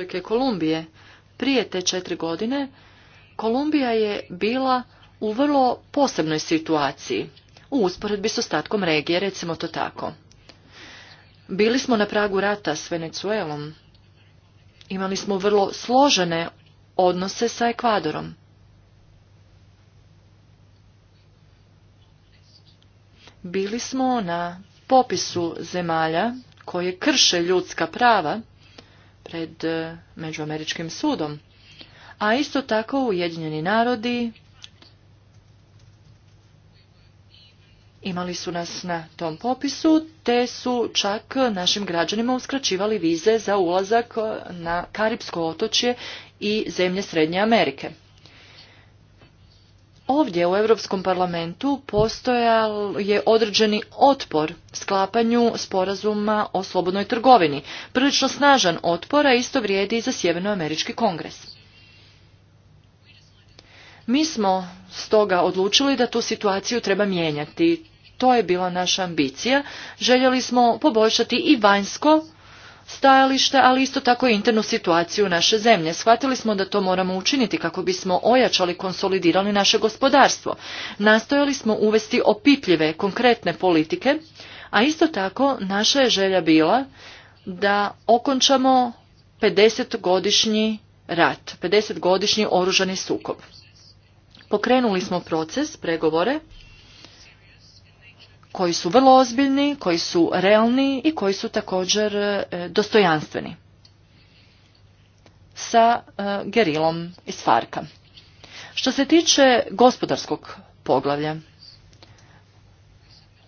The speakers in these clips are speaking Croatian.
Republike Kolumbije. Prije te četiri godine Kolumbija je bila u vrlo posebnoj situaciji, u usporedbi s ostatkom regije, recimo to tako. Bili smo na pragu rata s Venecuelom. Imali smo vrlo složene odnose sa Ekvadorom. Bili smo na popisu zemalja koje krše ljudska prava pred e, Međuameričkim sudom. A isto tako Ujedinjeni narodi imali su nas na tom popisu, te su čak našim građanima uskraćivali vize za ulazak e, na Karibsko otočje i zemlje Srednje Amerike. Ovdje u Europskom parlamentu postojal je određeni otpor sklapanju sporazuma o slobodnoj trgovini. Prilično snažan otpor, a isto vrijedi i za Sjevernoamerički kongres. Mi smo stoga odlučili da tu situaciju treba mijenjati. To je bila naša ambicija. Željeli smo poboljšati i vanjsko stajalište, ali isto tako i internu situaciju naše zemlje. Shvatili smo da to moramo učiniti kako bismo ojačali, konsolidirali naše gospodarstvo. Nastojali smo uvesti opipljive, konkretne politike, a isto tako naša je želja bila da okončamo 50-godišnji rat, 50-godišnji oružani sukob. Pokrenuli smo proces, pregovore, koji su vrlo ozbiljni, koji su realni i koji su također e, dostojanstveni sa e, gerilom iz Farka. Što se tiče gospodarskog poglavlja,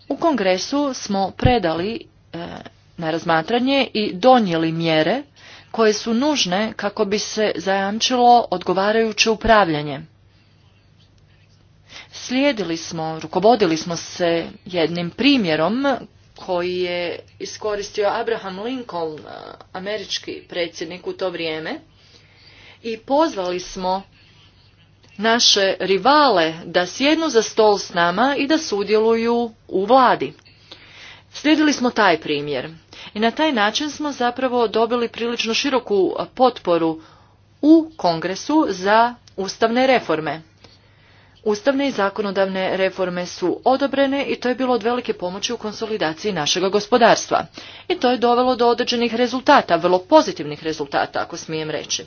u kongresu smo predali e, na razmatranje i donijeli mjere koje su nužne kako bi se zajamčilo odgovarajuće upravljanje slijedili smo, rukovodili smo se jednim primjerom koji je iskoristio Abraham Lincoln, eh, američki predsjednik u to vrijeme, i pozvali smo naše rivale da sjednu za stol s nama i da sudjeluju u vladi. Slijedili smo taj primjer i na taj način smo zapravo dobili prilično široku potporu u kongresu za ustavne reforme. Ustavne i zakonodavne reforme su odobrene i to je bilo od velike pomoći u konsolidaciji našeg gospodarstva. I to je dovelo do određenih rezultata, vrlo pozitivnih rezultata, ako smijem reći.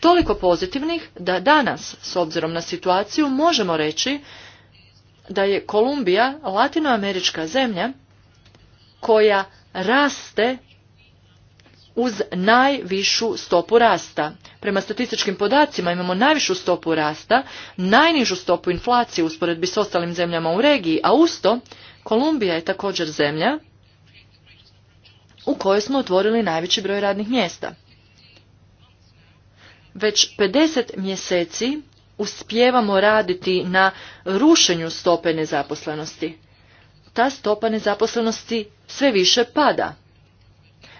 Toliko pozitivnih da danas, s obzirom na situaciju, možemo reći da je Kolumbija latinoamerička zemlja koja raste uz najvišu stopu rasta. Prema statističkim podacima imamo najvišu stopu rasta, najnižu stopu inflacije usporedbi s ostalim zemljama u regiji, a usto Kolumbija je također zemlja u kojoj smo otvorili najveći broj radnih mjesta. Već 50 mjeseci uspijevamo raditi na rušenju stope nezaposlenosti. Ta stopa nezaposlenosti sve više pada.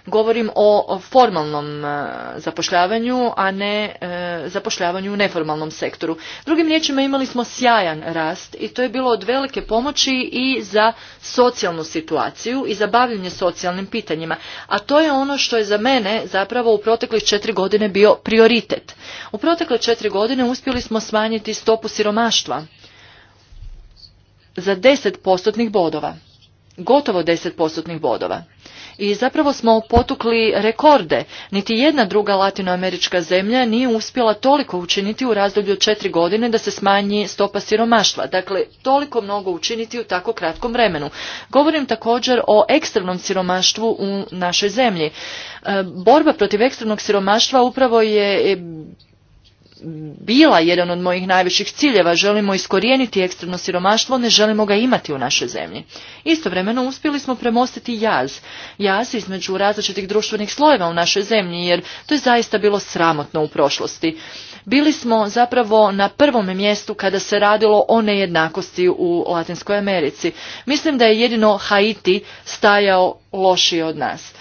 Govorim o formalnom e, zapošljavanju, a ne e, zapošljavanju u neformalnom sektoru. Drugim riječima imali smo sjajan rast i to je bilo od velike pomoći i za socijalnu situaciju i za bavljanje socijalnim pitanjima. A to je ono što je za mene zapravo u proteklih četiri godine bio prioritet. U protekle četiri godine uspjeli smo smanjiti stopu siromaštva za 10 postotnih bodova. Gotovo 10 postotnih bodova i zapravo smo potukli rekorde. Niti jedna druga latinoamerička zemlja nije uspjela toliko učiniti u razdoblju od četiri godine da se smanji stopa siromaštva. Dakle, toliko mnogo učiniti u tako kratkom vremenu. Govorim također o ekstremnom siromaštvu u našoj zemlji. E, borba protiv ekstremnog siromaštva upravo je e, bila jedan od mojih najvećih ciljeva. Želimo iskorijeniti ekstremno siromaštvo, ne želimo ga imati u našoj zemlji. Istovremeno uspjeli smo premostiti jaz. Jaz između različitih društvenih slojeva u našoj zemlji, jer to je zaista bilo sramotno u prošlosti. Bili smo zapravo na prvom mjestu kada se radilo o nejednakosti u Latinskoj Americi. Mislim da je jedino Haiti stajao lošije od nas.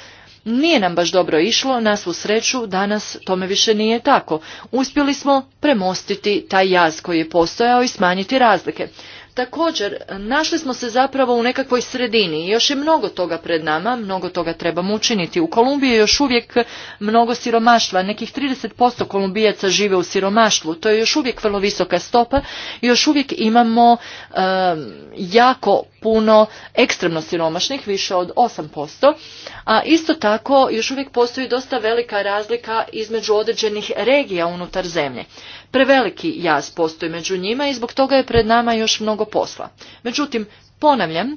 Nije nam baš dobro išlo, na svu sreću, danas tome više nije tako. Uspjeli smo premostiti taj jaz koji je postojao i smanjiti razlike. Također, našli smo se zapravo u nekakvoj sredini. Još je mnogo toga pred nama, mnogo toga trebamo učiniti. U Kolumbiji je još uvijek mnogo siromaštva. Nekih 30% kolumbijaca žive u siromaštvu. To je još uvijek vrlo visoka stopa. Još uvijek imamo jako puno ekstremno siromašnih, više od 8%. A isto tako, još uvijek postoji dosta velika razlika između određenih regija unutar zemlje. Preveliki jaz postoji među njima i zbog toga je pred nama još mnogo posla. Međutim, ponavljam,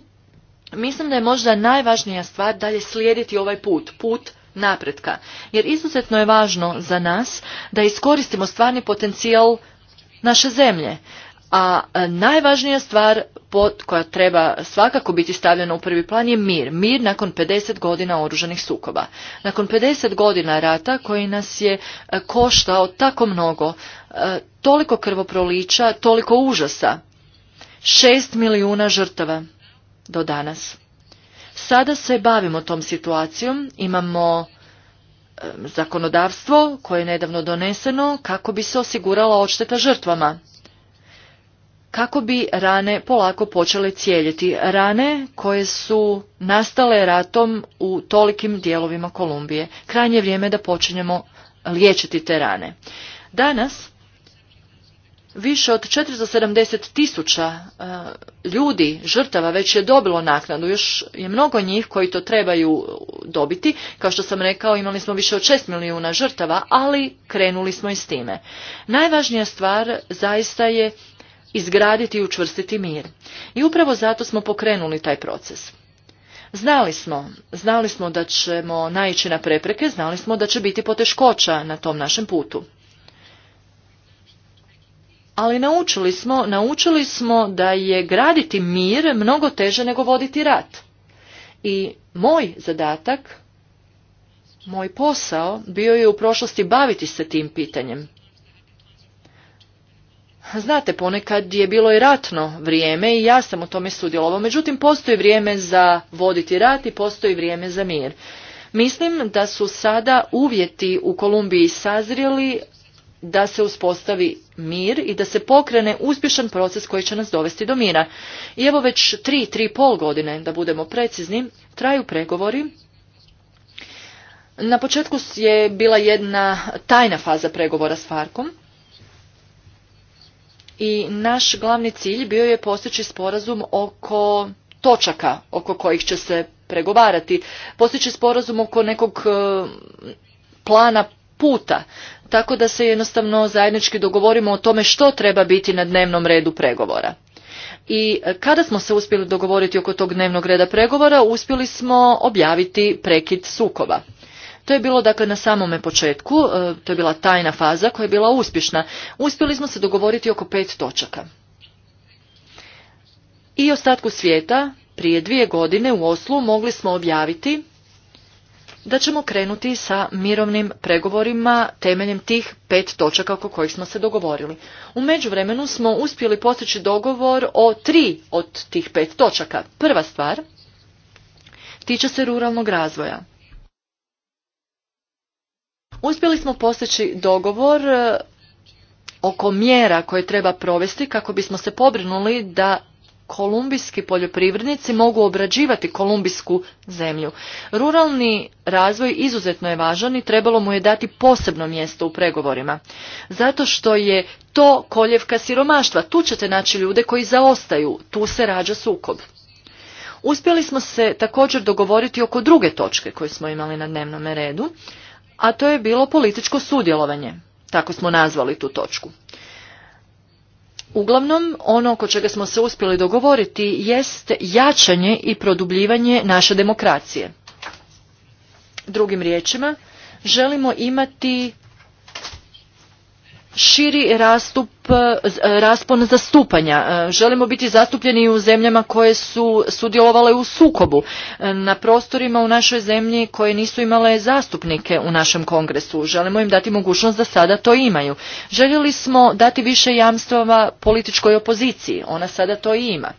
mislim da je možda najvažnija stvar dalje slijediti ovaj put, put napretka. Jer izuzetno je važno za nas da iskoristimo stvarni potencijal naše zemlje a e, najvažnija stvar koja treba svakako biti stavljena u prvi plan je mir. Mir nakon 50 godina oružanih sukoba. Nakon 50 godina rata koji nas je e, koštao tako mnogo, e, toliko krvoprolića, toliko užasa. 6 milijuna žrtava do danas. Sada se bavimo tom situacijom, imamo zakonodavstvo koje je nedavno doneseno kako bi se osigurala odšteta žrtvama kako bi rane polako počele cijeljeti. Rane koje su nastale ratom u tolikim dijelovima Kolumbije. Krajnje vrijeme da počinjemo liječiti te rane. Danas više od 470 tisuća e, ljudi, žrtava, već je dobilo naknadu. Još je mnogo njih koji to trebaju dobiti. Kao što sam rekao, imali smo više od 6 milijuna žrtava, ali krenuli smo i s time. Najvažnija stvar zaista je izgraditi i učvrstiti mir. I upravo zato smo pokrenuli taj proces. Znali smo, znali smo da ćemo naići na prepreke, znali smo da će biti poteškoća na tom našem putu. Ali naučili smo, naučili smo da je graditi mir mnogo teže nego voditi rat. I moj zadatak, moj posao bio je u prošlosti baviti se tim pitanjem. Znate, ponekad je bilo i ratno vrijeme i ja sam u tome sudjelovao. Međutim, postoji vrijeme za voditi rat i postoji vrijeme za mir. Mislim da su sada uvjeti u Kolumbiji sazrjeli da se uspostavi mir i da se pokrene uspješan proces koji će nas dovesti do mira. I evo već tri, tri pol godine, da budemo precizni, traju pregovori na početku je bila jedna tajna faza pregovora s Farkom i naš glavni cilj bio je postići sporazum oko točaka oko kojih će se pregovarati, postići sporazum oko nekog e, plana puta, tako da se jednostavno zajednički dogovorimo o tome što treba biti na dnevnom redu pregovora. I e, kada smo se uspjeli dogovoriti oko tog dnevnog reda pregovora, uspjeli smo objaviti prekid sukoba. To je bilo dakle na samome početku, e, to je bila tajna faza koja je bila uspješna. Uspjeli smo se dogovoriti oko pet točaka. I ostatku svijeta, prije dvije godine u Oslu mogli smo objaviti da ćemo krenuti sa mirovnim pregovorima temeljem tih pet točaka oko kojih smo se dogovorili. U međuvremenu smo uspjeli postići dogovor o tri od tih pet točaka. Prva stvar tiče se ruralnog razvoja. Uspjeli smo postići dogovor e, oko mjera koje treba provesti kako bismo se pobrinuli da kolumbijski poljoprivrednici mogu obrađivati kolumbijsku zemlju. Ruralni razvoj izuzetno je važan i trebalo mu je dati posebno mjesto u pregovorima. Zato što je to koljevka siromaštva. Tu ćete naći ljude koji zaostaju. Tu se rađa sukob. Uspjeli smo se također dogovoriti oko druge točke koje smo imali na dnevnom redu a to je bilo političko sudjelovanje, tako smo nazvali tu točku. Uglavnom, ono oko čega smo se uspjeli dogovoriti jest jačanje i produbljivanje naše demokracije. Drugim riječima, želimo imati širi rastup, eh, eh, raspon zastupanja. Eh, želimo biti zastupljeni u zemljama koje su sudjelovale u sukobu, na prostorima u našoj zemlji koje nisu imale zastupnike u našem kongresu. Želimo im dati mogućnost da sada to imaju. Željeli smo dati više jamstva političkoj opoziciji. Ona sada to i ima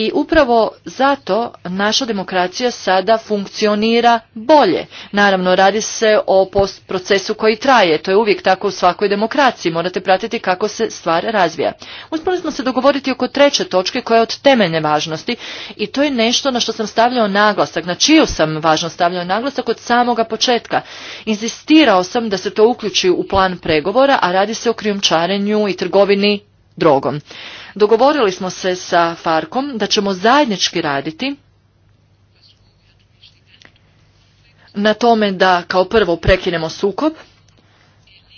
i upravo zato naša demokracija sada funkcionira bolje. Naravno, radi se o procesu koji traje. To je uvijek tako u svakoj demokraciji. Morate pratiti kako se stvar razvija. Uspjeli smo se dogovoriti oko treće točke koja je od temeljne važnosti i to je nešto na što sam stavljao naglasak, na čiju sam važnost stavljao naglasak od samoga početka. Inzistirao sam da se to uključi u plan pregovora, a radi se o krijumčarenju i trgovini drogom. Dogovorili smo se sa Farkom da ćemo zajednički raditi na tome da kao prvo prekinemo sukob,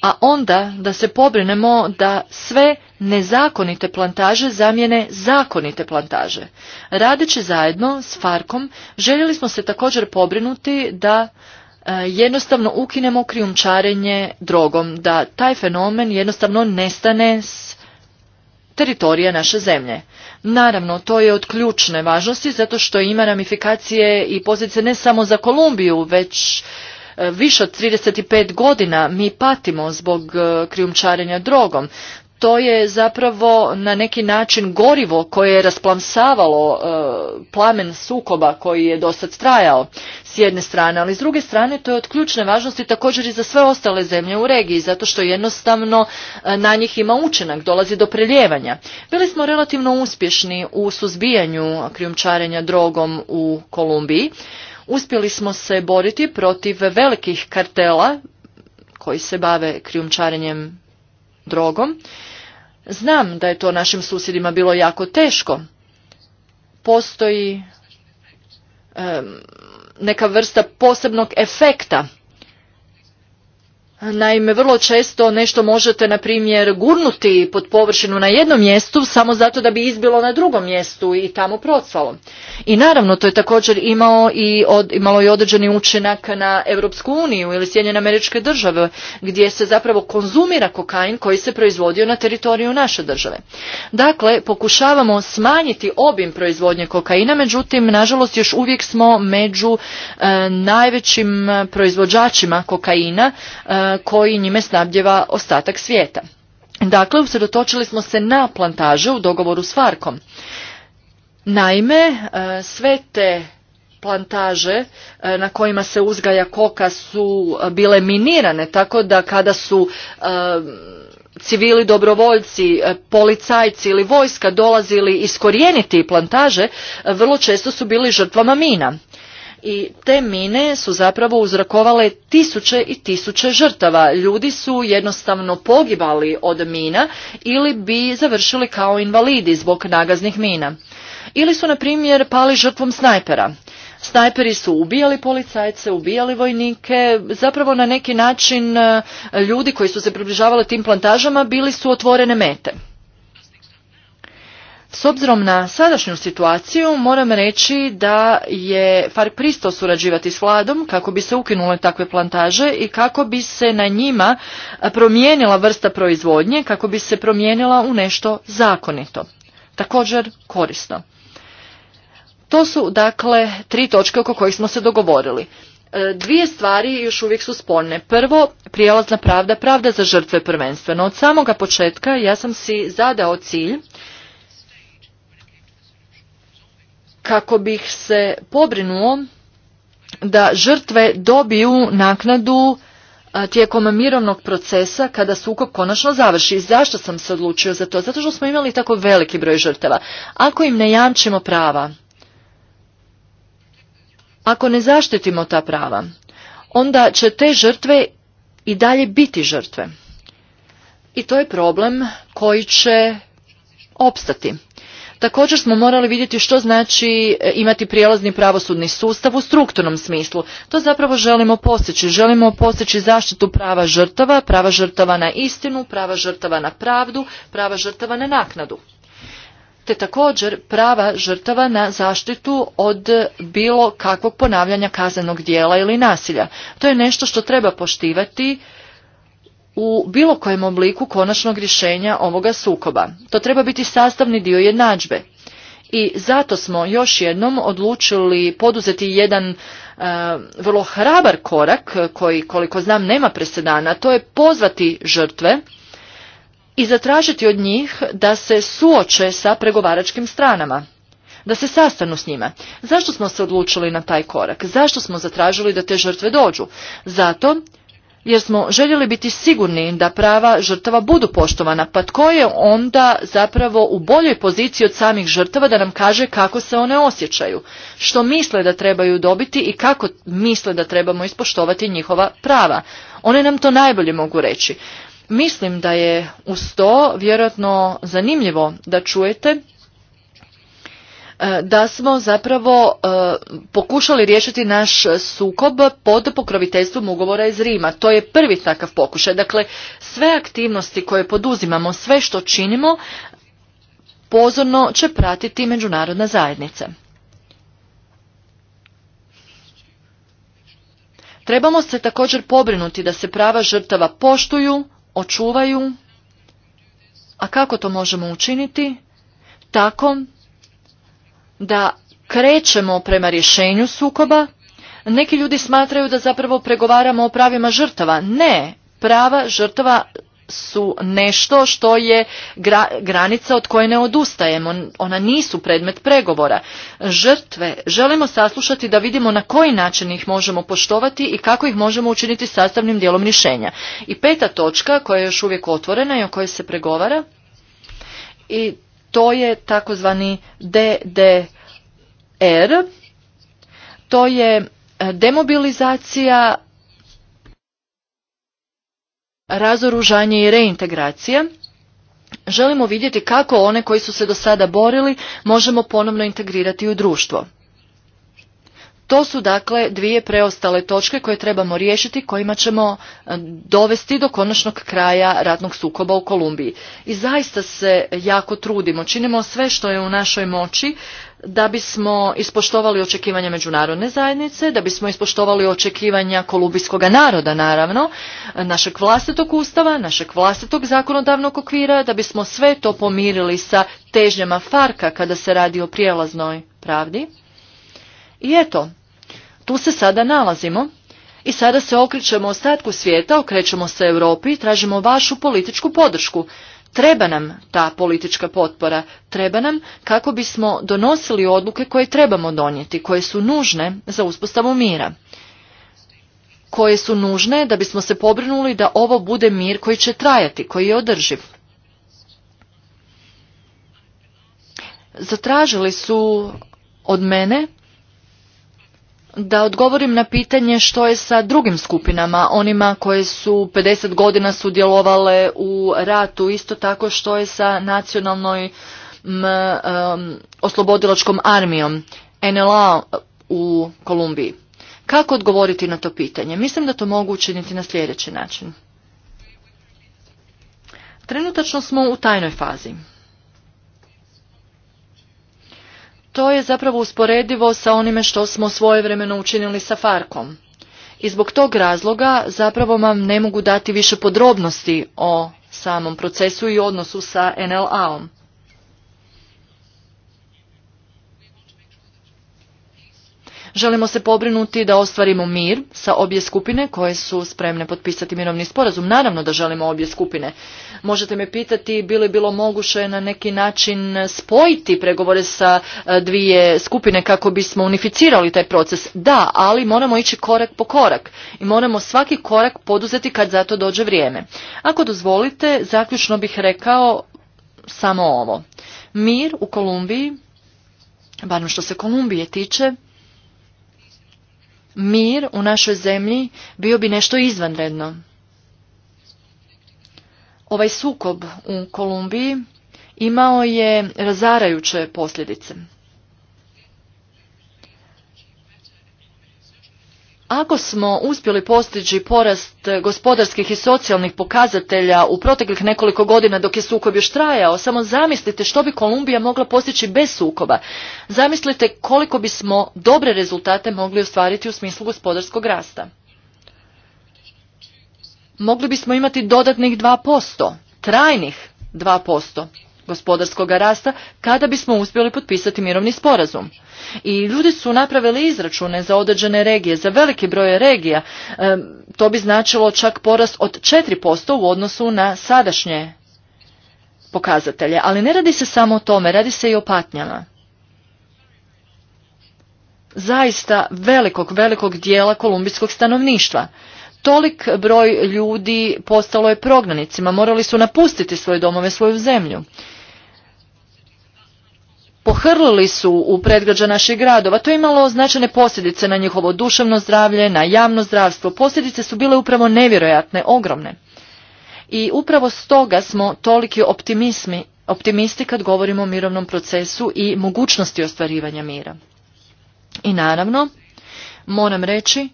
a onda da se pobrinemo da sve nezakonite plantaže zamijene zakonite plantaže. Radeći zajedno s Farkom željeli smo se također pobrinuti da e, jednostavno ukinemo krijumčarenje drogom, da taj fenomen jednostavno nestane s teritorija naše zemlje. Naravno, to je od ključne važnosti zato što ima ramifikacije i pozice ne samo za Kolumbiju, već e, više od 35 godina mi patimo zbog e, krijumčarenja drogom to je zapravo na neki način gorivo koje je rasplamsavalo e, plamen sukoba koji je dosad trajao s jedne strane, ali s druge strane to je od ključne važnosti također i za sve ostale zemlje u regiji, zato što jednostavno e, na njih ima učinak, dolazi do preljevanja. Bili smo relativno uspješni u suzbijanju krijumčarenja drogom u Kolumbiji. Uspjeli smo se boriti protiv velikih kartela koji se bave krijumčarenjem drogom Znam da je to našim susjedima bilo jako teško. Postoji neka vrsta posebnog efekta Naime, vrlo često nešto možete, na primjer, gurnuti pod površinu na jednom mjestu samo zato da bi izbilo na drugom mjestu i tamo procvalo. I naravno, to je također imao i od, imalo i određeni učinak na Europsku uniju ili Sjedinjene američke države, gdje se zapravo konzumira kokain koji se proizvodio na teritoriju naše države. Dakle, pokušavamo smanjiti obim proizvodnje kokaina, međutim, nažalost, još uvijek smo među eh, najvećim eh, proizvođačima kokaina, e, koji njime snabdjeva ostatak svijeta. Dakle, usredotočili smo se na plantaže u dogovoru s Farkom. Naime, e, sve te plantaže e, na kojima se uzgaja koka su bile minirane, tako da kada su e, civili dobrovoljci, policajci ili vojska dolazili iskorijeniti plantaže, vrlo često su bili žrtvama mina i te mine su zapravo uzrokovale tisuće i tisuće žrtava. Ljudi su jednostavno pogibali od mina ili bi završili kao invalidi zbog nagaznih mina. Ili su, na primjer, pali žrtvom snajpera. Snajperi su ubijali policajce, ubijali vojnike, zapravo na neki način eh, ljudi koji su se približavali tim plantažama bili su otvorene mete. S obzirom na sadašnju situaciju moram reći da je far pristo surađivati s vladom kako bi se ukinule takve plantaže i kako bi se na njima promijenila vrsta proizvodnje, kako bi se promijenila u nešto zakonito. Također korisno. To su dakle tri točke oko kojih smo se dogovorili. E, dvije stvari još uvijek su sporne. Prvo, prijelazna pravda, pravda za žrtve prvenstveno. Od samoga početka ja sam si zadao cilj kako bih se pobrinuo da žrtve dobiju naknadu tijekom mirovnog procesa kada sukob konačno završi. zašto sam se odlučio za to? Zato što smo imali tako veliki broj žrtava. Ako im ne jamčimo prava, ako ne zaštitimo ta prava, onda će te žrtve i dalje biti žrtve. I to je problem koji će opstati. Također smo morali vidjeti što znači e, imati prijelazni pravosudni sustav u strukturnom smislu. To zapravo želimo postići. Želimo postići zaštitu prava žrtava, prava žrtava na istinu, prava žrtava na pravdu, prava žrtava na naknadu te također prava žrtava na zaštitu od bilo kakvog ponavljanja kaznenog dijela ili nasilja. To je nešto što treba poštivati u bilo kojem obliku konačnog rješenja ovoga sukoba. To treba biti sastavni dio jednadžbe. I zato smo još jednom odlučili poduzeti jedan e, vrlo hrabar korak koji koliko znam nema presedana, to je pozvati žrtve i zatražiti od njih da se suoče sa pregovaračkim stranama da se sastanu s njima. Zašto smo se odlučili na taj korak? Zašto smo zatražili da te žrtve dođu? Zato jer smo željeli biti sigurni da prava žrtava budu poštovana. Pa tko je onda zapravo u boljoj poziciji od samih žrtava da nam kaže kako se one osjećaju, što misle da trebaju dobiti i kako misle da trebamo ispoštovati njihova prava. One nam to najbolje mogu reći. Mislim da je uz to vjerojatno zanimljivo da čujete E, da smo zapravo e, pokušali riješiti naš sukob pod pokroviteljstvom ugovora iz Rima. To je prvi takav pokušaj. Dakle, sve aktivnosti koje poduzimamo, sve što činimo, pozorno će pratiti međunarodna zajednica. Trebamo se također pobrinuti da se prava žrtava poštuju, očuvaju, a kako to možemo učiniti? Tako da krećemo prema rješenju sukoba, neki ljudi smatraju da zapravo pregovaramo o pravima žrtava. Ne, prava žrtava su nešto što je granica od koje ne odustajemo. Ona nisu predmet pregovora. Žrtve želimo saslušati da vidimo na koji način ih možemo poštovati i kako ih možemo učiniti sastavnim dijelom rješenja. I peta točka koja je još uvijek otvorena i o kojoj se pregovara i to je takozvani DDR, to je e, demobilizacija, razoružanje i reintegracija. Želimo vidjeti kako one koji su se do sada borili možemo ponovno integrirati u društvo. To su dakle dvije preostale točke koje trebamo riješiti, kojima ćemo e, dovesti do konačnog kraja ratnog sukoba u Kolumbiji. I zaista se jako trudimo, činimo sve što je u našoj moći da bismo ispoštovali očekivanja međunarodne zajednice, da bismo ispoštovali očekivanja kolumbijskog naroda naravno, našeg vlastitog ustava, našeg vlastitog zakonodavnog okvira, da bismo sve to pomirili sa težnjama Farka kada se radi o prijelaznoj pravdi. I eto, tu se sada nalazimo i sada se okrećemo ostatku svijeta, okrećemo se Europi i tražimo vašu političku podršku. Treba nam ta politička potpora, treba nam kako bismo donosili odluke koje trebamo donijeti, koje su nužne za uspostavu mira, koje su nužne da bismo se pobrinuli da ovo bude mir koji će trajati, koji je održiv. Zatražili su od mene da odgovorim na pitanje što je sa drugim skupinama, onima koje su 50 godina sudjelovale u ratu, isto tako što je sa nacionalnoj m, oslobodilačkom armijom NLA u Kolumbiji. Kako odgovoriti na to pitanje? Mislim da to mogu učiniti na sljedeći način. Trenutačno smo u tajnoj fazi. to je zapravo usporedivo sa onime što smo svojevremeno učinili sa Farkom. I zbog tog razloga zapravo vam ne mogu dati više podrobnosti o samom procesu i odnosu sa NLA-om. Želimo se pobrinuti da ostvarimo mir sa obje skupine koje su spremne potpisati mirovni sporazum. Naravno da želimo obje skupine. Možete me pitati bi li bilo moguće na neki način spojiti pregovore sa e, dvije skupine kako bismo unificirali taj proces. Da, ali moramo ići korak po korak i moramo svaki korak poduzeti kad za to dođe vrijeme. Ako dozvolite, zaključno bih rekao samo ovo. Mir u Kolumbiji, barno što se Kolumbije tiče, mir u našoj zemlji bio bi nešto izvanredno. Ovaj sukob u Kolumbiji imao je razarajuće posljedice. Ako smo uspjeli postići porast gospodarskih i socijalnih pokazatelja u proteklih nekoliko godina dok je sukob još trajao, samo zamislite što bi Kolumbija mogla postići bez sukoba. Zamislite koliko bismo dobre rezultate mogli ostvariti u smislu gospodarskog rasta mogli bismo imati dodatnih 2%, trajnih 2% gospodarskog rasta kada bismo uspjeli potpisati mirovni sporazum. I ljudi su napravili izračune za određene regije, za veliki broj regija. to bi značilo čak porast od 4% u odnosu na sadašnje pokazatelje. Ali ne radi se samo o tome, radi se i o patnjama. Zaista velikog, velikog dijela kolumbijskog stanovništva tolik broj ljudi postalo je prognanicima, morali su napustiti svoje domove, svoju zemlju. Pohrlili su u predgrađa naših gradova, to je imalo značajne posljedice na njihovo duševno zdravlje, na javno zdravstvo. Posljedice su bile upravo nevjerojatne, ogromne. I upravo stoga smo toliki optimismi, optimisti kad govorimo o mirovnom procesu i mogućnosti ostvarivanja mira. I naravno, moram reći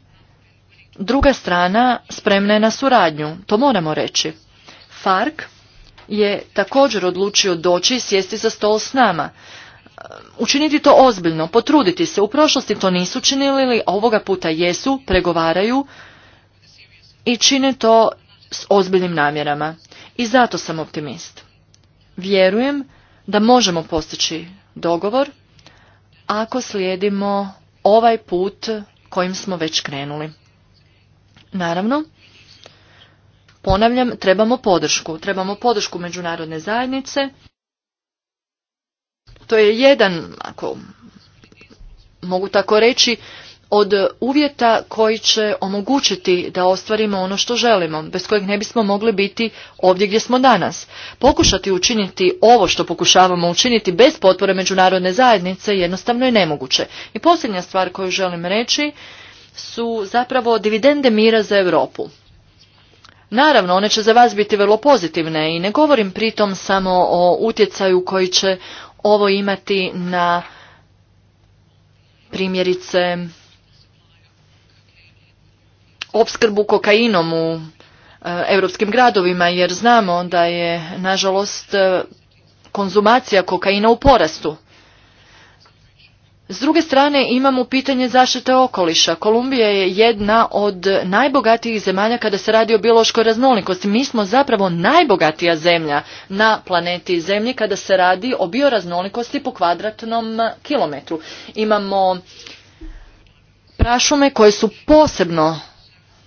druga strana spremna je na suradnju, to moramo reći. FARC je također odlučio doći i sjesti za stol s nama. Um, učiniti to ozbiljno, potruditi se. U prošlosti to nisu činili, ovoga puta jesu, pregovaraju i čine to s ozbiljnim namjerama. I zato sam optimist. Vjerujem da možemo postići dogovor ako slijedimo ovaj put kojim smo već krenuli. Naravno, ponavljam, trebamo podršku. Trebamo podršku međunarodne zajednice. To je jedan, ako mogu tako reći, od uvjeta koji će omogućiti da ostvarimo ono što želimo, bez kojeg ne bismo mogli biti ovdje gdje smo danas. Pokušati učiniti ovo što pokušavamo učiniti bez potpore međunarodne zajednice jednostavno je nemoguće. I posljednja stvar koju želim reći su zapravo dividende mira za Europu. Naravno, one će za vas biti vrlo pozitivne i ne govorim pritom samo o utjecaju koji će ovo imati na primjerice opskrbu kokainom u e, europskim gradovima jer znamo da je nažalost e, konzumacija kokaina u porastu. S druge strane imamo pitanje zaštite okoliša. Kolumbija je jedna od najbogatijih zemalja kada se radi o biološkoj raznolikosti. Mi smo zapravo najbogatija zemlja na planeti Zemlji kada se radi o bioraznolikosti po kvadratnom kilometru. Imamo prašume koje su posebno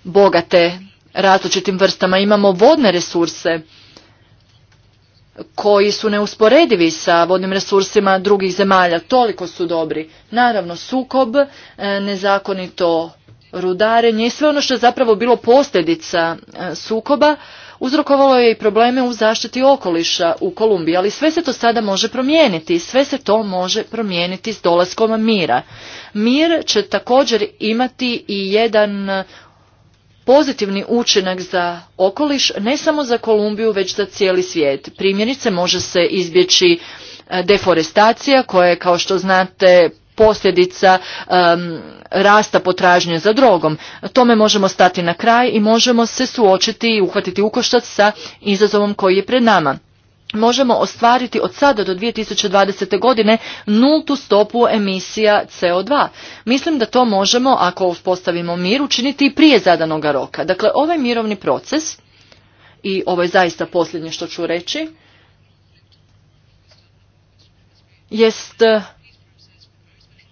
bogate različitim vrstama. Imamo vodne resurse koji su neusporedivi sa vodnim resursima drugih zemalja. Toliko su dobri. Naravno, sukob, e, nezakonito rudarenje i sve ono što je zapravo bilo posljedica e, sukoba uzrokovalo je i probleme u zaštiti okoliša u Kolumbiji, ali sve se to sada može promijeniti sve se to može promijeniti s dolaskom mira. Mir će također imati i jedan pozitivni učinak za okoliš ne samo za Kolumbiju već za cijeli svijet. Primjerice može se izbjeći e, deforestacija koja je kao što znate posljedica rasta potražnje za drogom. Tome možemo stati na kraj i možemo se suočiti i uhvatiti ukoštac sa izazovom koji je pred nama možemo ostvariti od sada do 2020. godine nultu stopu emisija CO2. Mislim da to možemo, ako uspostavimo mir, učiniti i prije zadanoga roka. Dakle, ovaj mirovni proces, i ovo je zaista posljednje što ću reći, jest e,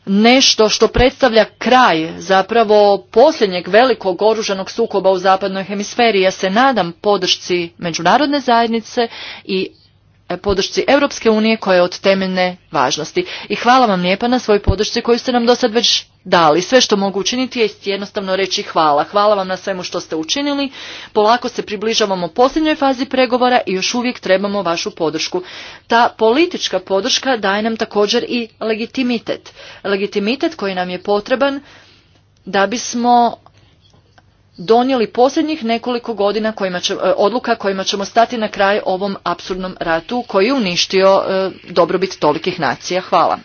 nešto što predstavlja kraj zapravo posljednjeg velikog oružanog sukoba u zapadnoj hemisferi. Ja se nadam podršci međunarodne zajednice i E, podršci Europske unije koja je od temeljne važnosti. I hvala vam lijepa na svoj podršci koju ste nam do sad već dali. Sve što mogu učiniti je jednostavno reći hvala. Hvala vam na svemu što ste učinili. Polako se približavamo posljednjoj fazi pregovora i još uvijek trebamo vašu podršku. Ta politička podrška daje nam također i legitimitet. Legitimitet koji nam je potreban da bismo donijeli posljednjih nekoliko godina kojima e, odluka kojima ćemo stati na kraj ovom apsurdnom ratu koji je uništio e, dobrobit tolikih nacija. Hvala.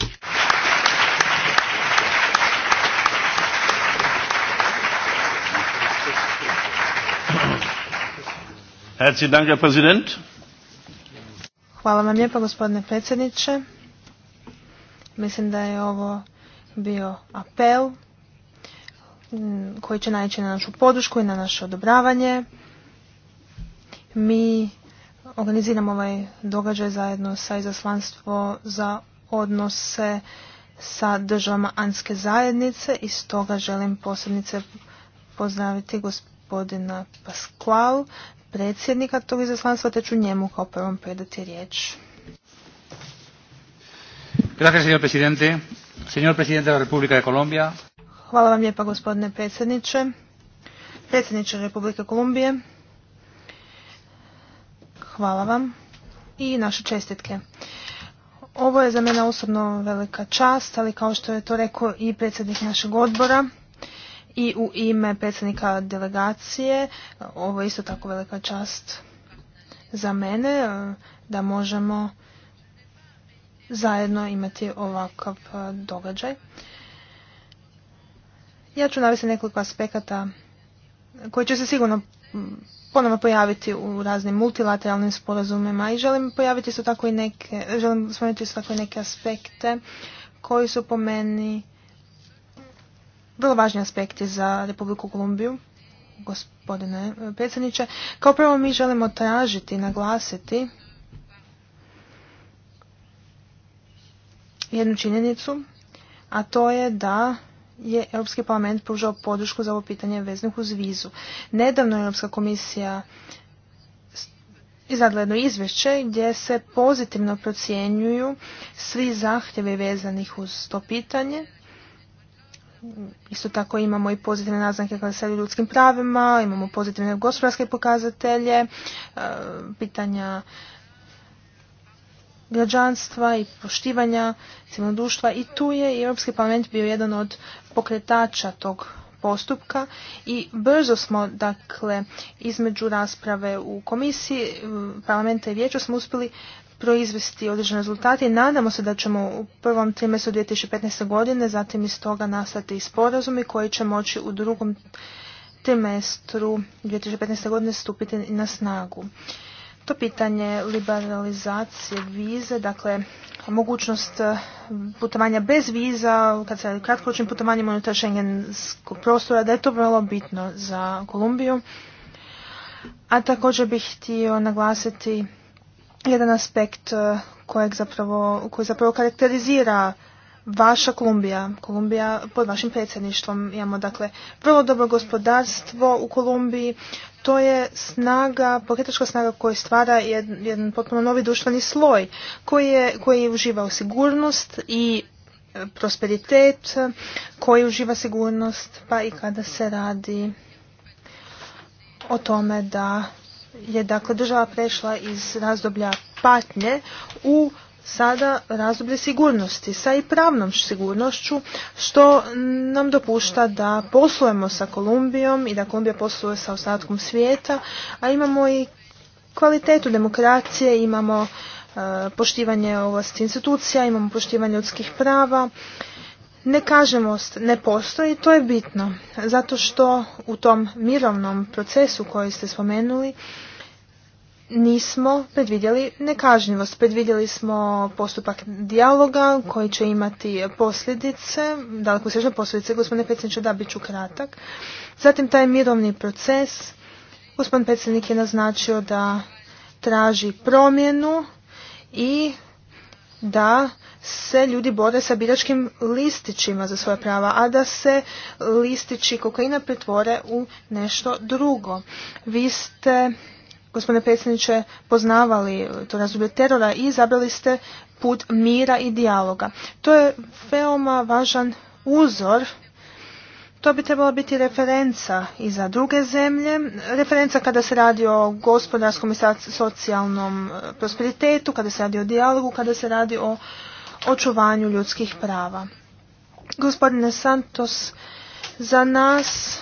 Hvala vam gospodine predsjedniče. Mislim da je ovo bio apel koji će naići na našu podršku i na naše odobravanje. Mi organiziramo ovaj događaj zajedno sa izaslanstvo za odnose sa državama Anske zajednice i stoga želim posebice pozdraviti gospodina Pasqual, predsjednika tog izaslanstva, te ću njemu kao prvom predati riječ. Gracias, señor presidente. Señor presidente de la República de Colombia. Hvala vam lijepa gospodine predsjedniče. Predsjedniče Republike Kolumbije, hvala vam i naše čestitke. Ovo je za mene osobno velika čast, ali kao što je to rekao i predsjednik našeg odbora i u ime predsjednika delegacije, ovo je isto tako velika čast za mene e, da možemo zajedno imati ovakav e, događaj. Ja ću navesti nekoliko aspekata koji će se sigurno mm, ponovno pojaviti u raznim multilateralnim sporazumima i želim pojaviti su tako i neke, želim spomenuti su tako i neke aspekte koji su po meni vrlo važni aspekti za Republiku Kolumbiju, gospodine e, predsjedniče. Kao prvo mi želimo tražiti, naglasiti jednu činjenicu, a to je da je Europski parlament pružao podršku za ovo pitanje veznih uz vizu. Nedavno je Europska komisija izradila jedno izvješće gdje se pozitivno procjenjuju svi zahtjevi vezanih uz to pitanje. Isto tako imamo i pozitivne naznake kada se o ljudskim pravima, imamo pozitivne gospodarske pokazatelje, e, pitanja građanstva i poštivanja civilnog društva i tu je i Europski parlament bio jedan od pokretača tog postupka i brzo smo dakle između rasprave u komisiji parlamenta i vijeća smo uspjeli proizvesti određene rezultate i nadamo se da ćemo u prvom trimestru 2015. godine zatim iz toga nastati i sporazumi koji će moći u drugom trimestru 2015. godine stupiti na snagu to pitanje liberalizacije vize, dakle mogućnost eh, putovanja bez viza, kad se kratkoročnim putovanjima unutar šengenskog prostora, da je to vrlo bitno za Kolumbiju. A također bih htio naglasiti jedan aspekt eh, kojeg zapravo, koji zapravo karakterizira vaša Kolumbija, Kolumbija pod vašim predsjedništvom. Imamo dakle vrlo dobro gospodarstvo u Kolumbiji. To je snaga, pokretačka snaga koja stvara jedan, jedan potpuno novi društveni sloj koji je, koji je uživao sigurnost i e, prosperitet, koji uživa sigurnost pa i kada se radi o tome da je dakle država prešla iz razdoblja patnje u sada razdoblje sigurnosti sa i pravnom sigurnošću što nam dopušta da poslujemo sa Kolumbijom i da Kolumbija posluje sa ostatkom svijeta, a imamo i kvalitetu demokracije, imamo e, poštivanje ovlasti institucija, imamo poštivanje ljudskih prava. Ne kažemo ne postoji, to je bitno, zato što u tom mirovnom procesu koji ste spomenuli nismo predvidjeli nekažnjivost. Predvidjeli smo postupak dijaloga koji će imati posljedice, daleko sežne posljedice, gospodine predsjedniče, da bit ću kratak. Zatim taj mirovni proces, gospodin predsjednik je naznačio da traži promjenu i da se ljudi bore sa biračkim listićima za svoja prava, a da se listići kokaina pretvore u nešto drugo. Vi ste gospodine predsjedniče, poznavali to razdoblje terora i izabrali ste put mira i dijaloga. To je veoma važan uzor to bi trebalo biti referenca i za druge zemlje, referenca kada se radi o gospodarskom i socijalnom e, prosperitetu, kada se radi o dijalogu, kada se radi o očuvanju ljudskih prava. Gospodine Santos, za nas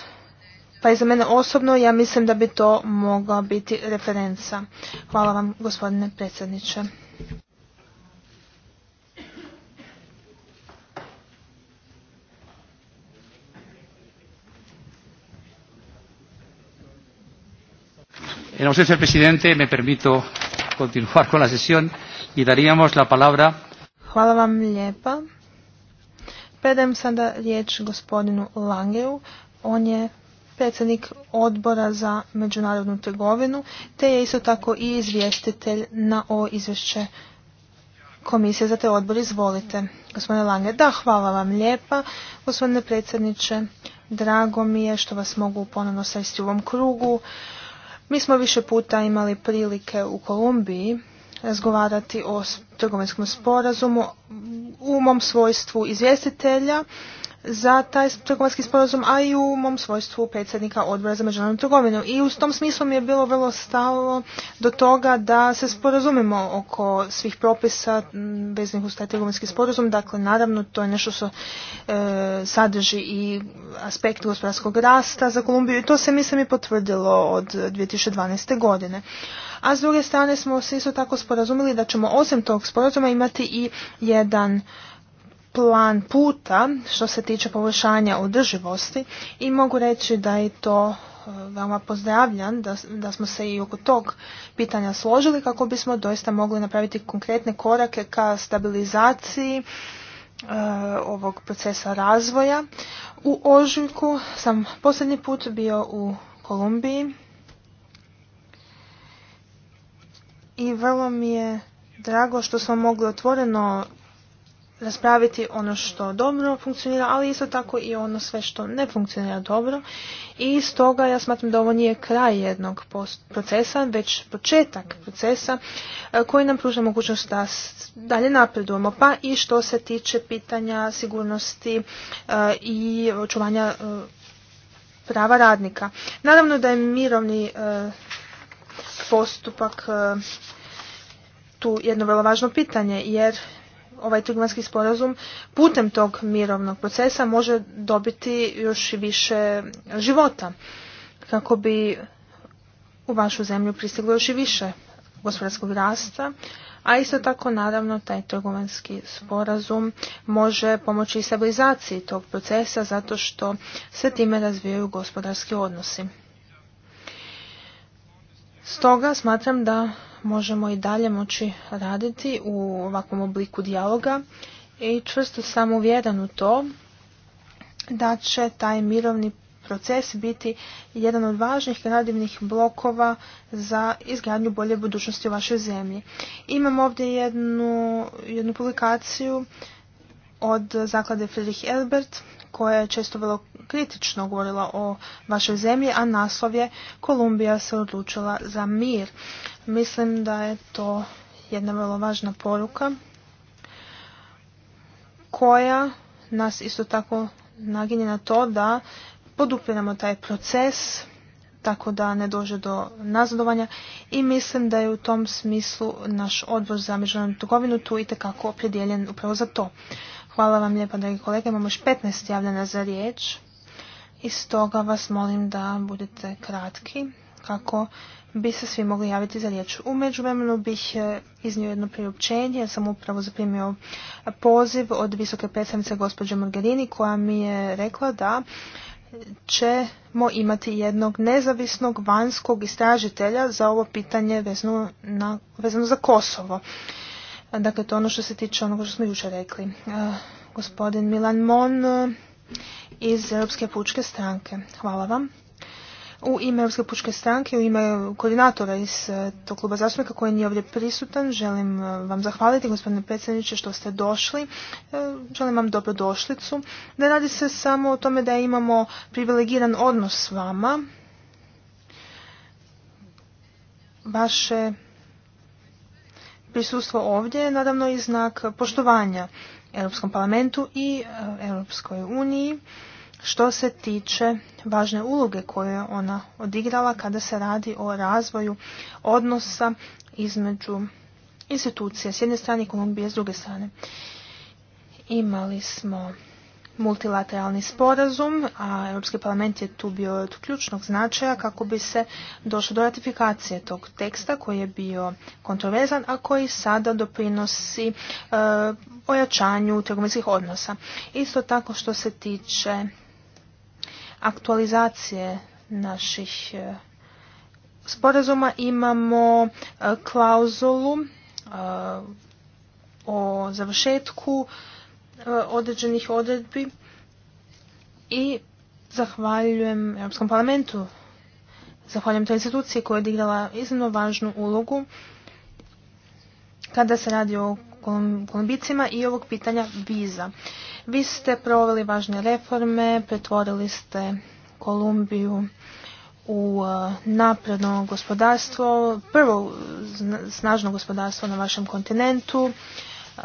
pa i za mene osobno ja mislim da bi to mogla biti referenca. Hvala vam gospodine predsjedniče. En ausencia del presidente, me permito continuar con la sesión y daríamos la palabra. Hvala vam lijepa. Predajem sada riječ gospodinu Langeu. On je predsjednik odbora za međunarodnu trgovinu, te je isto tako i izvjestitelj na ovo izvješće komisije za te odbor. Izvolite, gospodine Lange. Da, hvala vam lijepa, gospodine predsjedniče. Drago mi je što vas mogu ponovno sresti u ovom krugu. Mi smo više puta imali prilike u Kolumbiji razgovarati o trgovinskom sporazumu u mom svojstvu izvjestitelja za taj trgovatski sporazum, a i u mom svojstvu predsjednika odbora za međunarodnu trgovinu. I u tom smislu mi je bilo vrlo stalo do toga da se sporazumimo oko svih propisa veznih uz taj trgovinski sporazum. Dakle, naravno, to je nešto što e, sadrži i aspekt gospodarskog rasta za Kolumbiju i to se, mislim, i potvrdilo od 2012. godine a s druge strane smo se isto tako sporazumili da ćemo osim tog sporazuma imati i jedan plan puta što se tiče poboljšanja održivosti i mogu reći da je to e, veoma pozdravljam da, da smo se i oko tog pitanja složili kako bismo doista mogli napraviti konkretne korake ka stabilizaciji e, ovog procesa razvoja. U Ožujku sam posljednji put bio u Kolumbiji i vrlo mi je drago što smo mogli otvoreno raspraviti ono što dobro funkcionira, ali isto tako i ono sve što ne funkcionira dobro. I stoga ja smatram da ovo nije kraj jednog procesa, već početak procesa e, koji nam pruža mogućnost da dalje napredujemo. Pa i što se tiče pitanja sigurnosti e, i očuvanja e, prava radnika. Naravno da je mirovni postupak tu jedno vrlo važno pitanje, jer ovaj trgovinski sporazum putem tog mirovnog procesa može dobiti još više života kako bi u vašu zemlju pristiglo još i više gospodarskog rasta, a isto tako naravno taj trgovanski sporazum može pomoći i stabilizaciji tog procesa zato što se time razvijaju gospodarski odnosi. Stoga smatram da možemo i dalje moći raditi u ovakvom obliku dijaloga i čvrsto sam uvjeren u to da će taj mirovni proces biti jedan od važnih gradivnih blokova za izgradnju bolje budućnosti u vašoj zemlji. Imam ovdje jednu, jednu publikaciju od zaklade Friedrich Elbert koja je često vrlo kritično govorila o vašoj zemlji, a naslov je Kolumbija se odlučila za mir. Mislim da je to jedna vrlo važna poruka koja nas isto tako naginje na to da podupiramo taj proces tako da ne dođe do nazadovanja i mislim da je u tom smislu naš odbor za međunarodnu trgovinu tu i tekako upravo za to. Hvala vam lijepa, dragi kolege. Imamo još 15 javljena za riječ i stoga vas molim da budete kratki kako bi se svi mogli javiti za riječ. U međuvremenu bih e, iznio jedno priopćenje, ja sam upravo zaprimio poziv od visoke predstavnice gospođe Margarini koja mi je rekla da ćemo imati jednog nezavisnog vanjskog istražitelja za ovo pitanje vezano, na, vezano za Kosovo. Dakle, to je ono što se tiče onoga što smo jučer rekli. E, gospodin Milan Mon e, iz Europske pučke stranke. Hvala vam u ime Europske pučke stranke, u ime koordinatora iz eh, tog kluba zastupnika koji nije ovdje prisutan, želim eh, vam zahvaliti gospodine predsjedniče što ste došli. Eh, želim vam dobrodošlicu. Ne radi se samo o tome da imamo privilegiran odnos s vama. Vaše prisustvo ovdje je naravno i znak poštovanja Europskom parlamentu i Europskoj uniji što se tiče važne uloge koju je ona odigrala kada se radi o razvoju odnosa između institucija s jedne strane i Kolumbije s druge strane. Imali smo multilateralni sporazum, a Europski parlament je tu bio od ključnog značaja kako bi se došlo do ratifikacije tog teksta koji je bio kontroverzan, a koji sada doprinosi e, ojačanju trgovinskih odnosa. Isto tako što se tiče aktualizacije naših e, sporazuma imamo e, klauzulu e, o završetku određenih odredbi i zahvaljujem Europskom parlamentu, zahvaljujem toj instituciji koja je odigrala iznimno važnu ulogu kada se radi o kolumbicima i ovog pitanja viza. Vi ste proveli važne reforme, pretvorili ste Kolumbiju u e, napredno gospodarstvo, prvo snažno gospodarstvo na vašem kontinentu, e,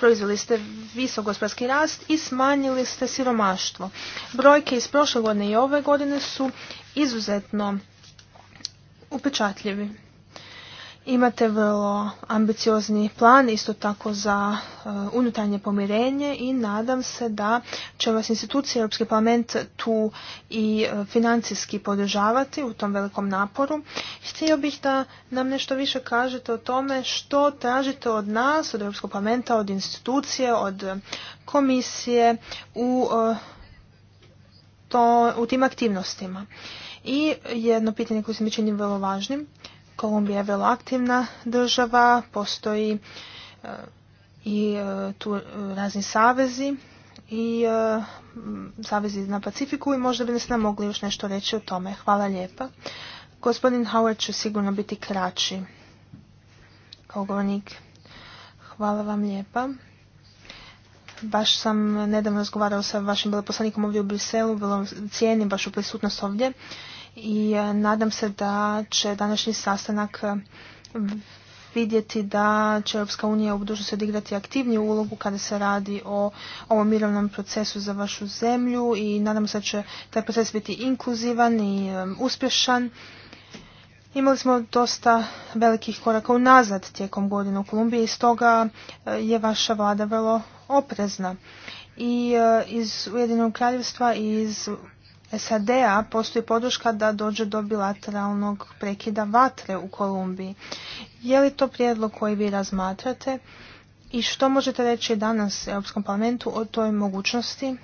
proizveli ste visok gospodarski rast i smanjili ste siromaštvo. Brojke iz prošle godine i ove godine su izuzetno upečatljivi. Imate vrlo ambiciozni plan isto tako za e, unutarnje pomirenje i nadam se da će vas institucije Europski parlament tu i e, financijski podržavati u tom velikom naporu. Htio bih da nam nešto više kažete o tome što tražite od nas, od Europskog parlamenta, od institucije, od komisije u, e, to, u tim aktivnostima. I jedno pitanje koje se mi čini vrlo važnim Kolumbija je vrlo aktivna država, postoji e, i e, tu razni savezi i e, savezi na Pacifiku i možda bi nas nam mogli još nešto reći o tome. Hvala lijepa. Gospodin Howard će sigurno biti kraći kao govornik. Hvala vam lijepa. Baš sam nedavno razgovarao sa vašim veleposlanikom ovdje u Briselu, bilo cijenim vašu prisutnost ovdje i e, nadam se da će današnji sastanak e, vidjeti da će Europska unija u budućnosti odigrati aktivniju ulogu kada se radi o ovom mirovnom procesu za vašu zemlju i nadam se da će taj proces biti inkluzivan i e, uspješan. Imali smo dosta velikih koraka unazad tijekom godina u Kolumbiji i stoga je vaša vlada vrlo oprezna. I iz Ujedinog kraljevstva i iz SAD-a postoji podrška da dođe do bilateralnog prekida vatre u Kolumbiji. Je li to prijedlog koji vi razmatrate i što možete reći danas Europskom parlamentu o toj mogućnosti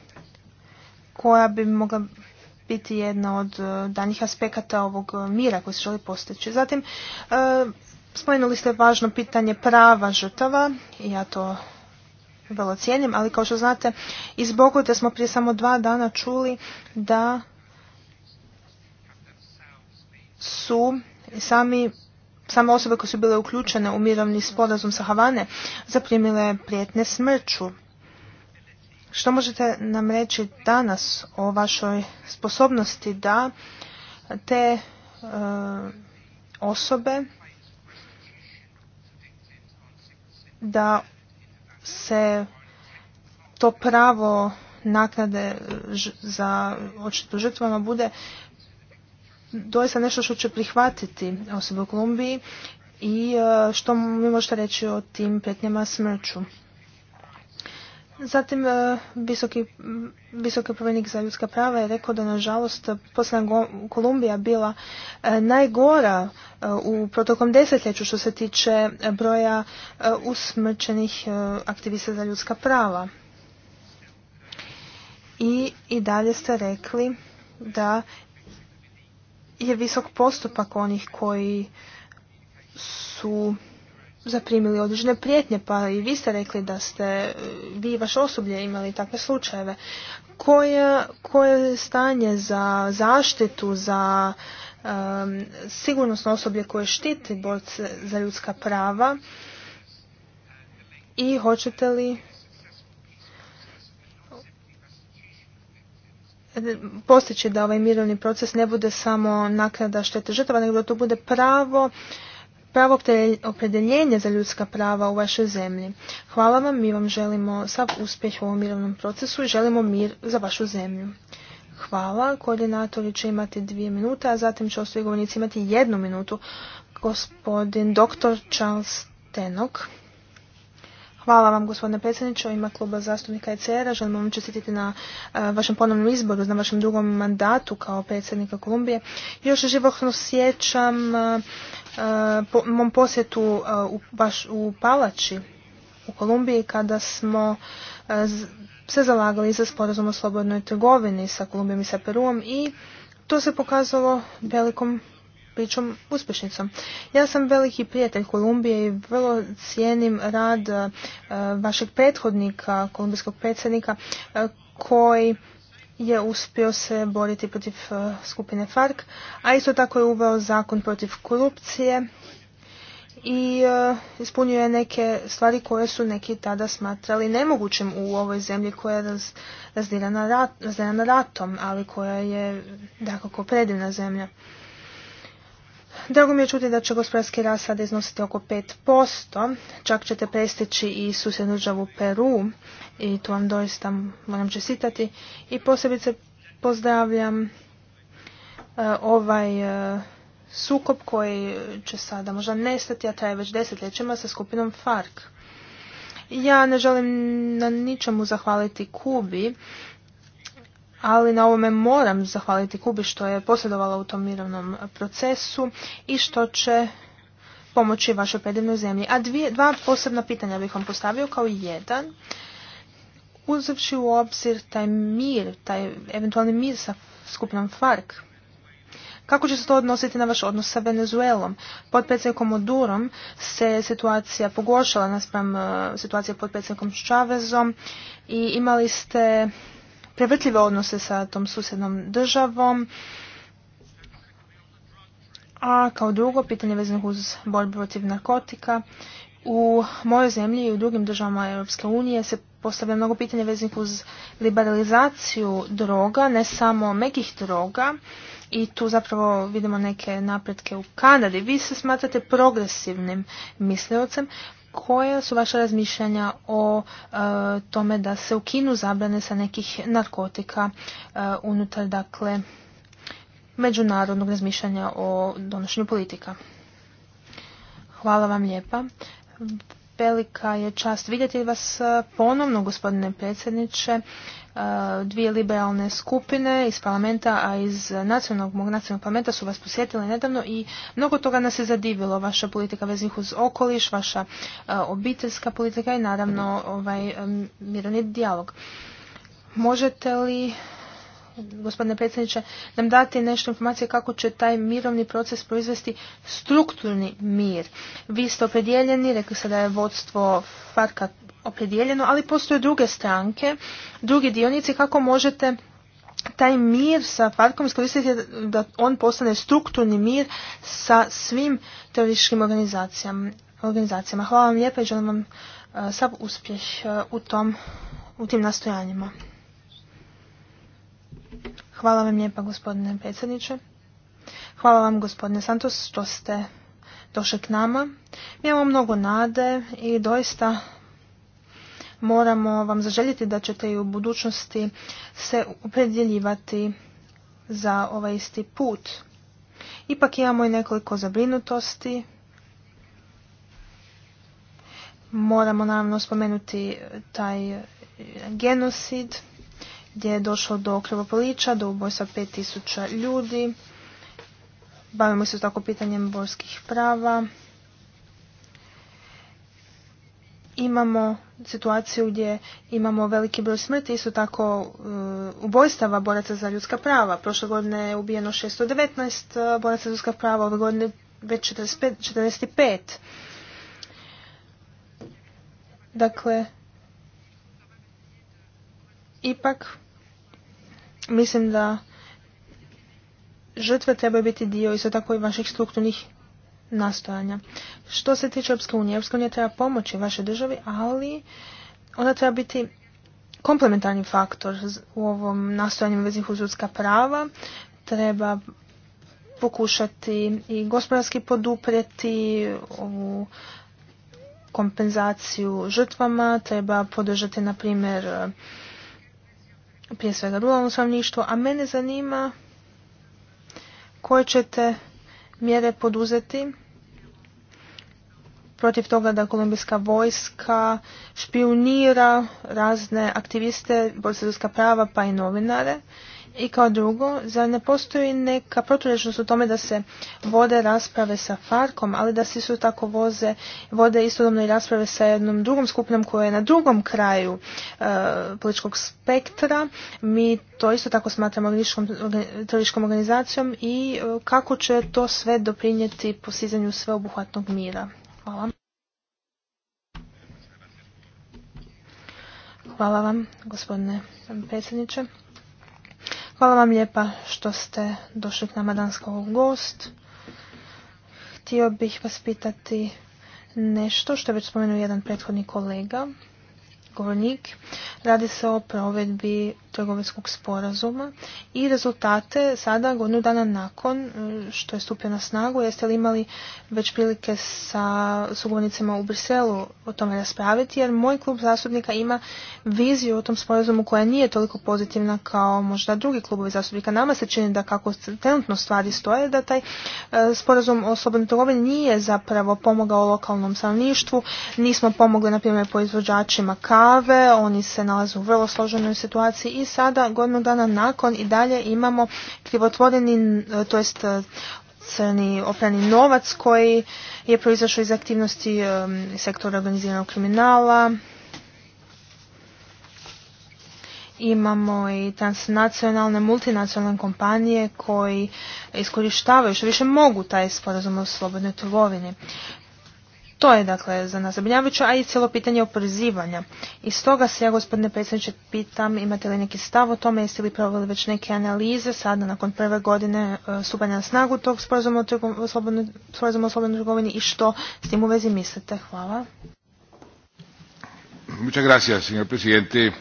koja bi mogla biti jedna od e, danjih aspekata ovog mira koji se želi postići. Zatim, e, spomenuli ste važno pitanje prava žrtava ja to vrlo cijenim, ali kao što znate, iz da smo prije samo dva dana čuli da su sami Same osobe koje su bile uključene u mirovni sporazum sa Havane zaprimile prijetne smrću. Što možete nam reći danas o vašoj sposobnosti da te e, osobe da se to pravo naknade za očitu žrtvama bude doista nešto što će prihvatiti osobe u Kolumbiji i e, što mi možete reći o tim petnjama smrću. Zatim, e, visoki, visoki povjerenik za ljudska prava je rekao da nažalost posljedna Kolumbija bila e, najgora e, u protokom desetljeću što se tiče broja usmrčenih aktivista za ljudska prava. I, i dalje ste rekli da je visok postupak onih koji su zaprimili određene prijetnje, pa i vi ste rekli da ste e, vi i vaše osoblje imali takve slučajeve. Koje, koje stanje za zaštitu, za um, sigurnosno osoblje koje štiti borce za ljudska prava i hoćete li postići da ovaj mirovni proces ne bude samo naknada štete žrtava, nego da to bude pravo pravo opredeljenje za ljudska prava u vašoj zemlji. Hvala vam, mi vam želimo sav uspjeh u ovom mirovnom procesu i želimo mir za vašu zemlju. Hvala, koordinatori će imati dvije minute, a zatim će ostali govornici imati jednu minutu. Gospodin dr. Charles Tenok. Hvala vam gospodine predsjedniče. U ime kluba zastupnika ECR-a želim vam čestititi na vašem ponovnom izboru, na vašem drugom mandatu kao predsjednika Kolumbije. Još životno sjećam mom posjetu u, baš u Palači u Kolumbiji kada smo se zalagali za sporazum o slobodnoj trgovini sa Kolumbijom i sa Peruom i to se pokazalo velikom pričom uspješnicom. Ja sam veliki prijatelj Kolumbije i vrlo cijenim rad e, vašeg prethodnika, kolumbijskog predsjednika, e, koji je uspio se boriti protiv e, skupine FARC, a isto tako je uveo zakon protiv korupcije i ispunio je neke stvari koje su neki tada smatrali nemogućim u ovoj zemlji koja je razdirana, ratom, ali koja je dakako predivna zemlja. Drago mi je čuti da će gospodarski rast sada iznositi oko 5%, čak ćete prestići i susjednu državu Peru i tu vam doista moram čestitati i posebice pozdravljam e, ovaj e, sukob koji će sada možda nestati, a traje već desetljećima sa skupinom FARC. Ja ne želim na ničemu zahvaliti Kubi ali na ovome moram zahvaliti Kubi što je posjedovala u tom mirovnom procesu i što će pomoći vašoj predivnoj zemlji. A dvije, dva posebna pitanja bih vam postavio kao jedan. Uzavši u obzir taj mir, taj eventualni mir sa skupnom FARC, kako će se to odnositi na vaš odnos sa Venezuelom? Pod predsjednikom Odurom se situacija pogoršala naspram eh, situacije pod predsjednikom Čavezom i imali ste prevrtljive odnose sa tom susjednom državom. A kao drugo, pitanje vezano uz borbu protiv narkotika. U mojoj zemlji i u drugim državama Europske unije se postavlja mnogo pitanja vezanih uz liberalizaciju droga, ne samo mekih droga. I tu zapravo vidimo neke napretke u Kanadi. Vi se smatrate progresivnim misliocem. Koje su vaša razmišljanja o e, tome da se ukinu zabrane sa nekih narkotika e, unutar dakle međunarodnog razmišljanja o donošenju politika? Hvala vam lijepa. Velika je čast vidjeti vas e, ponovno, gospodine predsjedniče, e, dvije liberalne skupine iz parlamenta, a iz nacionalnog, mog nacionalnog parlamenta su vas posjetile nedavno i mnogo toga nas je zadivilo. Vaša politika veznih uz okoliš, vaša e, obiteljska politika i naravno ovaj mirani dijalog. Možete li gospodine predsjedniče, nam dati nešto informacije kako će taj mirovni proces proizvesti strukturni mir. Vi ste opredjeljeni, rekli ste da je vodstvo Farka opredjeljeno, ali postoje druge stranke, drugi dionici, kako možete taj mir sa Farkom iskoristiti da on postane strukturni mir sa svim terorističkim organizacijama. Hvala vam lijepo i želim vam sav uspjeh u, tom, u tim nastojanjima. Hvala vam lijepa gospodine predsjedniče. Hvala vam gospodine Santos što ste došli k nama. Mi imamo mnogo nade i doista moramo vam zaželjeti da ćete i u budućnosti se upredjeljivati za ovaj isti put. Ipak imamo i nekoliko zabrinutosti. Moramo naravno spomenuti taj genocid gdje je došlo do krvopolića, do ubojstva 5000 ljudi. Bavimo se tako pitanjem borskih prava. Imamo situaciju gdje imamo veliki broj smrti, isto tako e, ubojstava boraca za ljudska prava. Prošle godine je ubijeno 619 e, boraca za ljudska prava, ove godine već 45. 45. Dakle, ipak Mislim da žrtve trebaju biti dio isto tako i vaših strukturnih nastojanja. Što se tiče Europske unije, Europska treba pomoći vašoj državi, ali ona treba biti komplementarni faktor u ovom nastojanju veznih uz ljudska prava. Treba pokušati i gospodarski podupreti u kompenzaciju žrtvama, treba podržati na primjer prije svega ruralno stanovništvo, a mene zanima koje ćete mjere poduzeti protiv toga da kolumbijska vojska špionira razne aktiviste, bolje prava pa i novinare i kao drugo, zar ne postoji neka proturečnost u tome da se vode rasprave sa Farkom, ali da se isto tako voze, vode istodobno i rasprave sa jednom drugom skupinom koja je na drugom kraju e, političkog spektra. Mi to isto tako smatramo terorističkom organizacijom i e, kako će to sve doprinijeti posizanju sveobuhvatnog mira. Hvala. Hvala vam, gospodine predsjedniče. Hvala vam lijepa što ste došli k nama danas gost. Htio bih vas pitati nešto što je već spomenuo jedan prethodni kolega, govornik. Radi se o provedbi trgovinskog sporazuma i rezultate sada godinu dana nakon e, što je stupio na snagu. Jeste li imali već prilike sa sugovornicima u Briselu o tome raspraviti jer moj klub zastupnika ima viziju o tom sporazumu koja nije toliko pozitivna kao možda drugi klubovi zastupnika. Nama se čini da kako trenutno stvari stoje da taj e, sporazum o slobodnoj trgovini nije zapravo pomogao lokalnom stanovništvu. Nismo pomogli na primjer proizvođačima kave, oni se nalaze u vrlo složenoj situaciji i sada godinu dana nakon i dalje imamo krivotvoreni, e, to jest e, crni oprani novac koji je proizašao iz aktivnosti e, sektora organiziranog kriminala. Imamo i transnacionalne, multinacionalne kompanije koji iskorištavaju, što više mogu taj sporazum o slobodnoj trgovini. To je dakle za nas zabrinjavajuće, a i cijelo pitanje oporezivanja. I stoga se ja gospodine predsjedniče pitam imate li neki stav o tome, jeste li proveli već neke analize sada nakon prve godine e, stupanja na snagu tog sporazuma o slobodnoj trgovini i što s tim u vezi mislite? Hvala. Muchas gracias, señor presidente.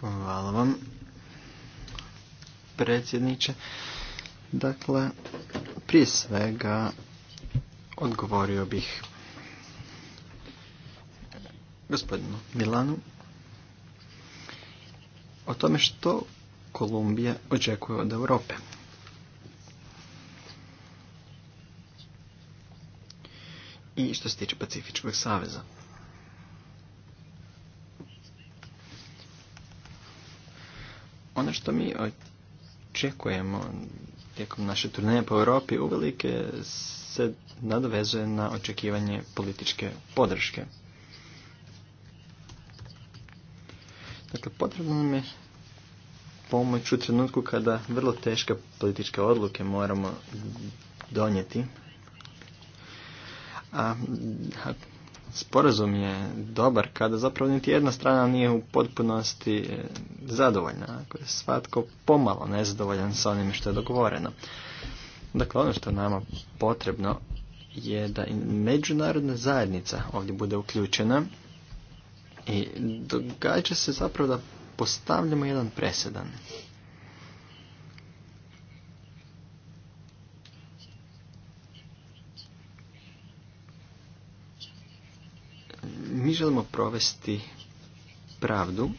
Hvala vam, predsjedniče. Dakle, prije svega Odgovorio bih gospodinu Milanu o tome što Kolumbija očekuje od Europe. I što se tiče Pacifičkog saveza. Ono što mi očekujemo tijekom naše turneje po Europi uvelike se nadovezuje na očekivanje političke podrške. Dakle, potrebno nam je pomoć u trenutku kada vrlo teške političke odluke moramo donijeti. A, sporazum je dobar kada zapravo niti jedna strana nije u potpunosti e, zadovoljna. Ako je svatko pomalo nezadovoljan sa onim što je dogovoreno. Dakle, ono što nama potrebno je da i međunarodna zajednica ovdje bude uključena i događa se zapravo da postavljamo jedan presedan. Mi želimo provesti pravdu,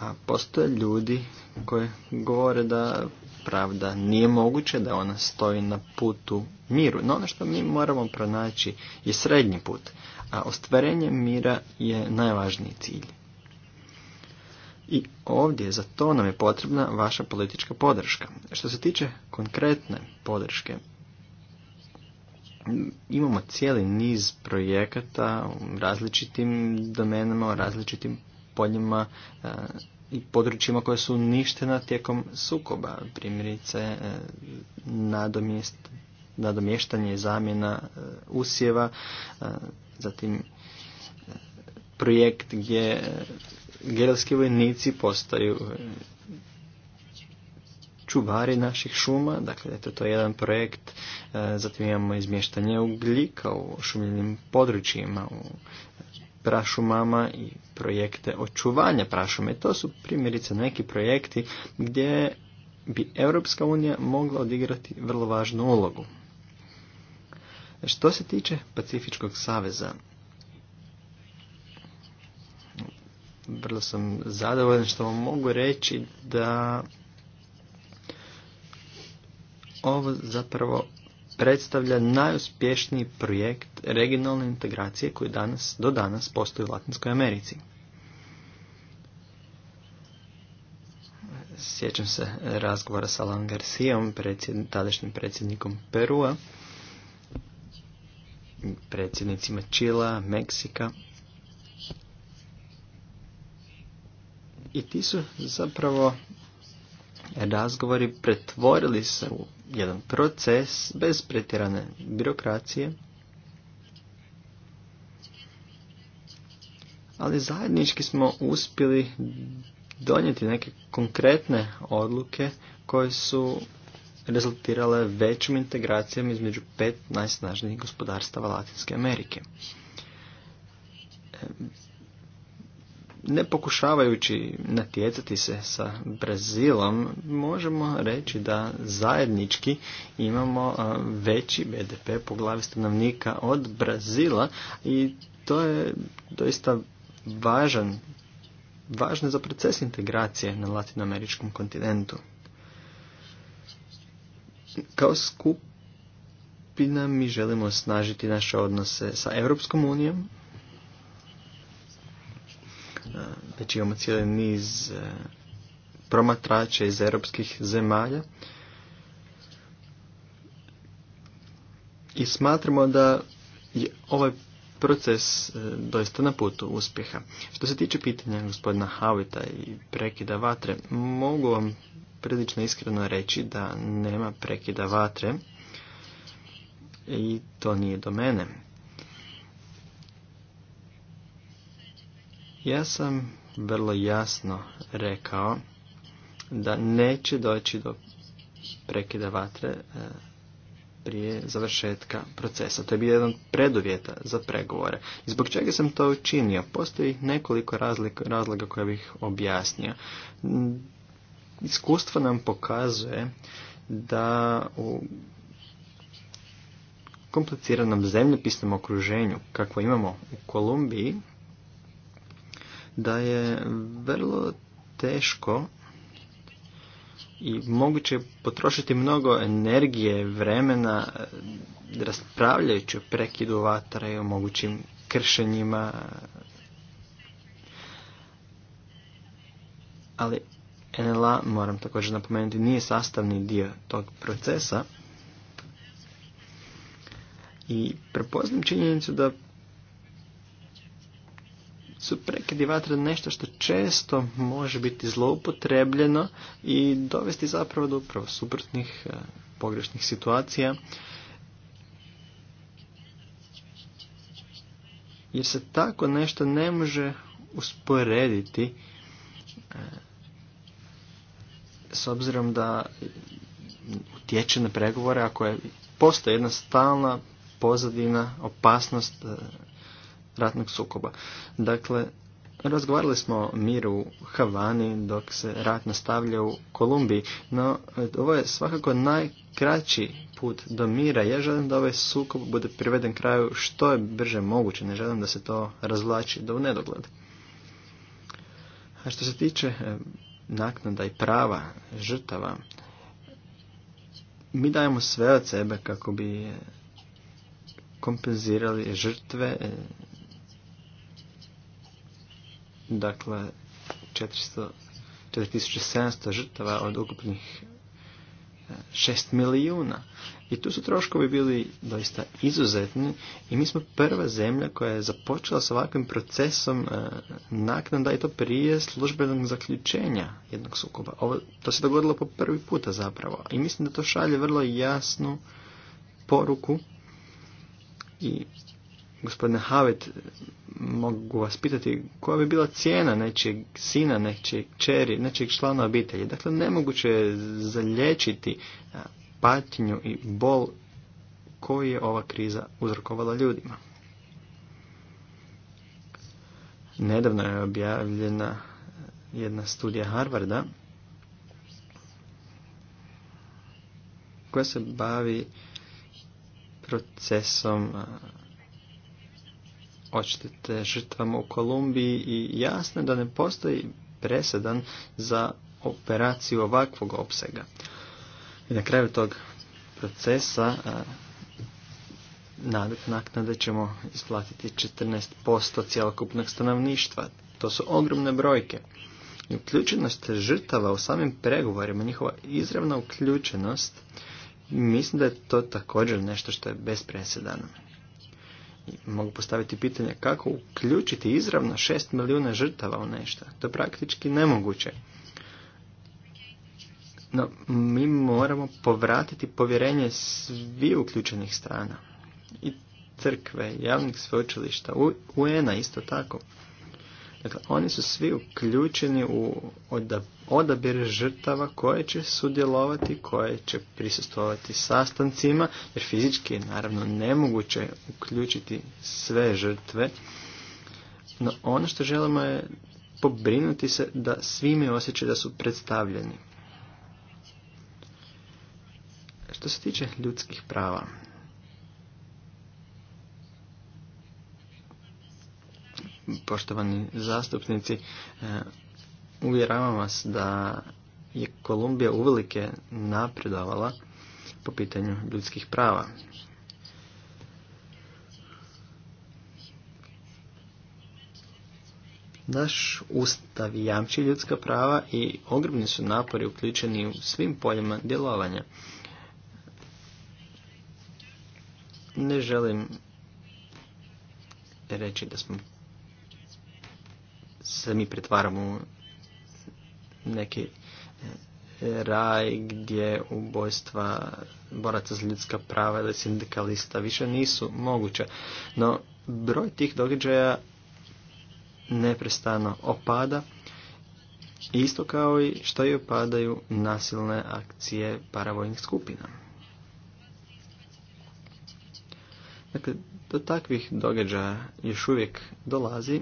a postoje ljudi koji govore da pravda nije moguće, da ona stoji na putu miru. No ono što mi moramo pronaći je srednji put, a ostvarenje mira je najvažniji cilj. I ovdje za to nam je potrebna vaša politička podrška. Što se tiče konkretne podrške, imamo cijeli niz projekata u različitim domenama, u različitim poljima i područjima koje su uništena tijekom sukoba, primjerice e, nadomještanje i zamjena e, usjeva, e, zatim projekt gdje gerilski vojnici postaju čuvari naših šuma, dakle to je jedan projekt, zatim imamo izmještanje ugljika u šumljenim područjima, u prašumama i projekte očuvanja prašume. To su primjerice neki projekti gdje bi Europska unija mogla odigrati vrlo važnu ulogu. Što se tiče Pacifičkog saveza, vrlo sam zadovoljan što vam mogu reći da ovo zapravo predstavlja najuspješniji projekt regionalne integracije koji danas, do danas postoji u Latinskoj Americi. Sjećam se razgovora sa Alan Garcijom, tadašnjim predsjednikom Perua, predsjednicima Čila, Meksika. I ti su zapravo razgovori pretvorili se u jedan proces bez pretjerane birokracije, ali zajednički smo uspjeli donijeti neke konkretne odluke koje su rezultirale većim integracijom između pet najsnažnijih gospodarstava Latinske Amerike ne pokušavajući natjecati se sa Brazilom, možemo reći da zajednički imamo veći BDP po glavi stanovnika od Brazila i to je doista važan, važno za proces integracije na latinoameričkom kontinentu. Kao skupina mi želimo snažiti naše odnose sa Europskom unijom, Znači imamo cijeli niz e, promatrača iz europskih zemalja. I smatramo da je ovaj proces e, doista na putu uspjeha. Što se tiče pitanja gospodina Havita i prekida vatre, mogu vam prilično iskreno reći da nema prekida vatre i to nije do mene. Ja sam vrlo jasno rekao da neće doći do prekida vatre e, prije završetka procesa. To je bio jedan preduvjeta za pregovore. I zbog čega sam to učinio? Postoji nekoliko razloga koje bih objasnio. Iskustvo nam pokazuje da u kompliciranom zemljopisnom okruženju kako imamo u Kolumbiji da je vrlo teško i moguće potrošiti mnogo energije, vremena e, raspravljajući o prekidu vatra i o mogućim kršenjima. Ali NLA, moram također napomenuti, nije sastavni dio tog procesa. I prepoznam činjenicu da su prekidi vatre nešto što često može biti zloupotrebljeno i dovesti zapravo do upravo suprotnih e, pogrešnih situacija. Jer se tako nešto ne može usporediti e, s obzirom da utječe na pregovore ako je postoji jedna stalna pozadina, opasnost e, ratnog sukoba. Dakle, razgovarali smo o miru u Havani dok se rat nastavlja u Kolumbiji, no ovo je svakako najkraći put do mira. Ja želim da ovaj sukob bude priveden kraju što je brže moguće, ne želim da se to razvlači do nedogled. A što se tiče e, naknada i prava žrtava, mi dajemo sve od sebe kako bi e, kompenzirali žrtve e, Dakle, 400, 4700 žrtava od ukupnih 6 e, milijuna. I tu su troškovi bili doista izuzetni i mi smo prva zemlja koja je započela s ovakvim procesom e, da i to prije službenog zaključenja jednog sukoba. Ovo, to se dogodilo po prvi puta zapravo i mislim da to šalje vrlo jasnu poruku i Gospodine Havet, mogu vas pitati koja bi bila cijena nečijeg sina, nečijeg čeri, nečijeg člana obitelji. Dakle, nemoguće je zalječiti patnju i bol koji je ova kriza uzrokovala ljudima. Nedavno je objavljena jedna studija Harvarda koja se bavi procesom očitete žrtvama u Kolumbiji i jasno je da ne postoji presedan za operaciju ovakvog opsega. I na kraju tog procesa naknade ćemo isplatiti 14% cjelokupnog stanovništva. To su ogromne brojke. I uključenost žrtava u samim pregovorima, njihova izravna uključenost, mislim da je to također nešto što je bez presedana mogu postaviti pitanje kako uključiti izravno šest milijuna žrtava u nešto. To je praktički nemoguće. No, mi moramo povratiti povjerenje svi uključenih strana. I crkve, javnih sveučilišta, un isto tako. Dakle, oni su svi uključeni u odabir žrtava koje će sudjelovati, koje će prisustovati sastancima, jer fizički je naravno nemoguće uključiti sve žrtve. No ono što želimo je pobrinuti se da svi imaju osjećaj da su predstavljeni. Što se tiče ljudskih prava, poštovani zastupnici. E, uvjeravam vas da je Kolumbija uvelike napredovala po pitanju ljudskih prava. Naš ustav jamči ljudska prava i ogromni su napori uključeni u svim poljima djelovanja. Ne želim reći da smo se mi pretvaramo u neki e, raj gdje ubojstva boraca za ljudska prava ili sindikalista više nisu moguće. No, broj tih događaja neprestano opada, isto kao i što i opadaju nasilne akcije paravojnih skupina. Dakle, do takvih događaja još uvijek dolazi,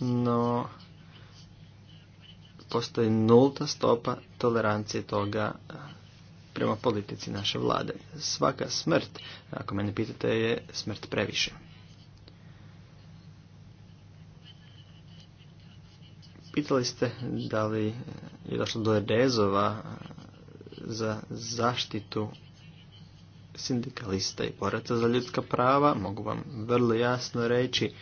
no postoji nulta stopa tolerancije toga eh, prema politici naše vlade. Svaka smrt, ako mene pitate, je smrt previše. Pitali ste da li je došlo do rezova eh, za zaštitu sindikalista i boraca za ljudska prava. Mogu vam vrlo jasno reći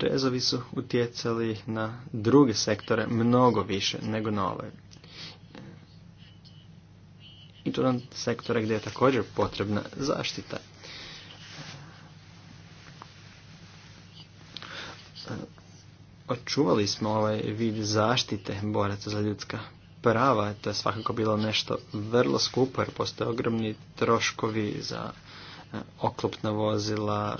rezovi su utjecali na druge sektore mnogo više nego na ove. I to na sektore gdje je također potrebna zaštita. Očuvali smo ovaj vid zaštite boraca za ljudska prava. To je svakako bilo nešto vrlo skupo jer postoje ogromni troškovi za e, oklopna vozila,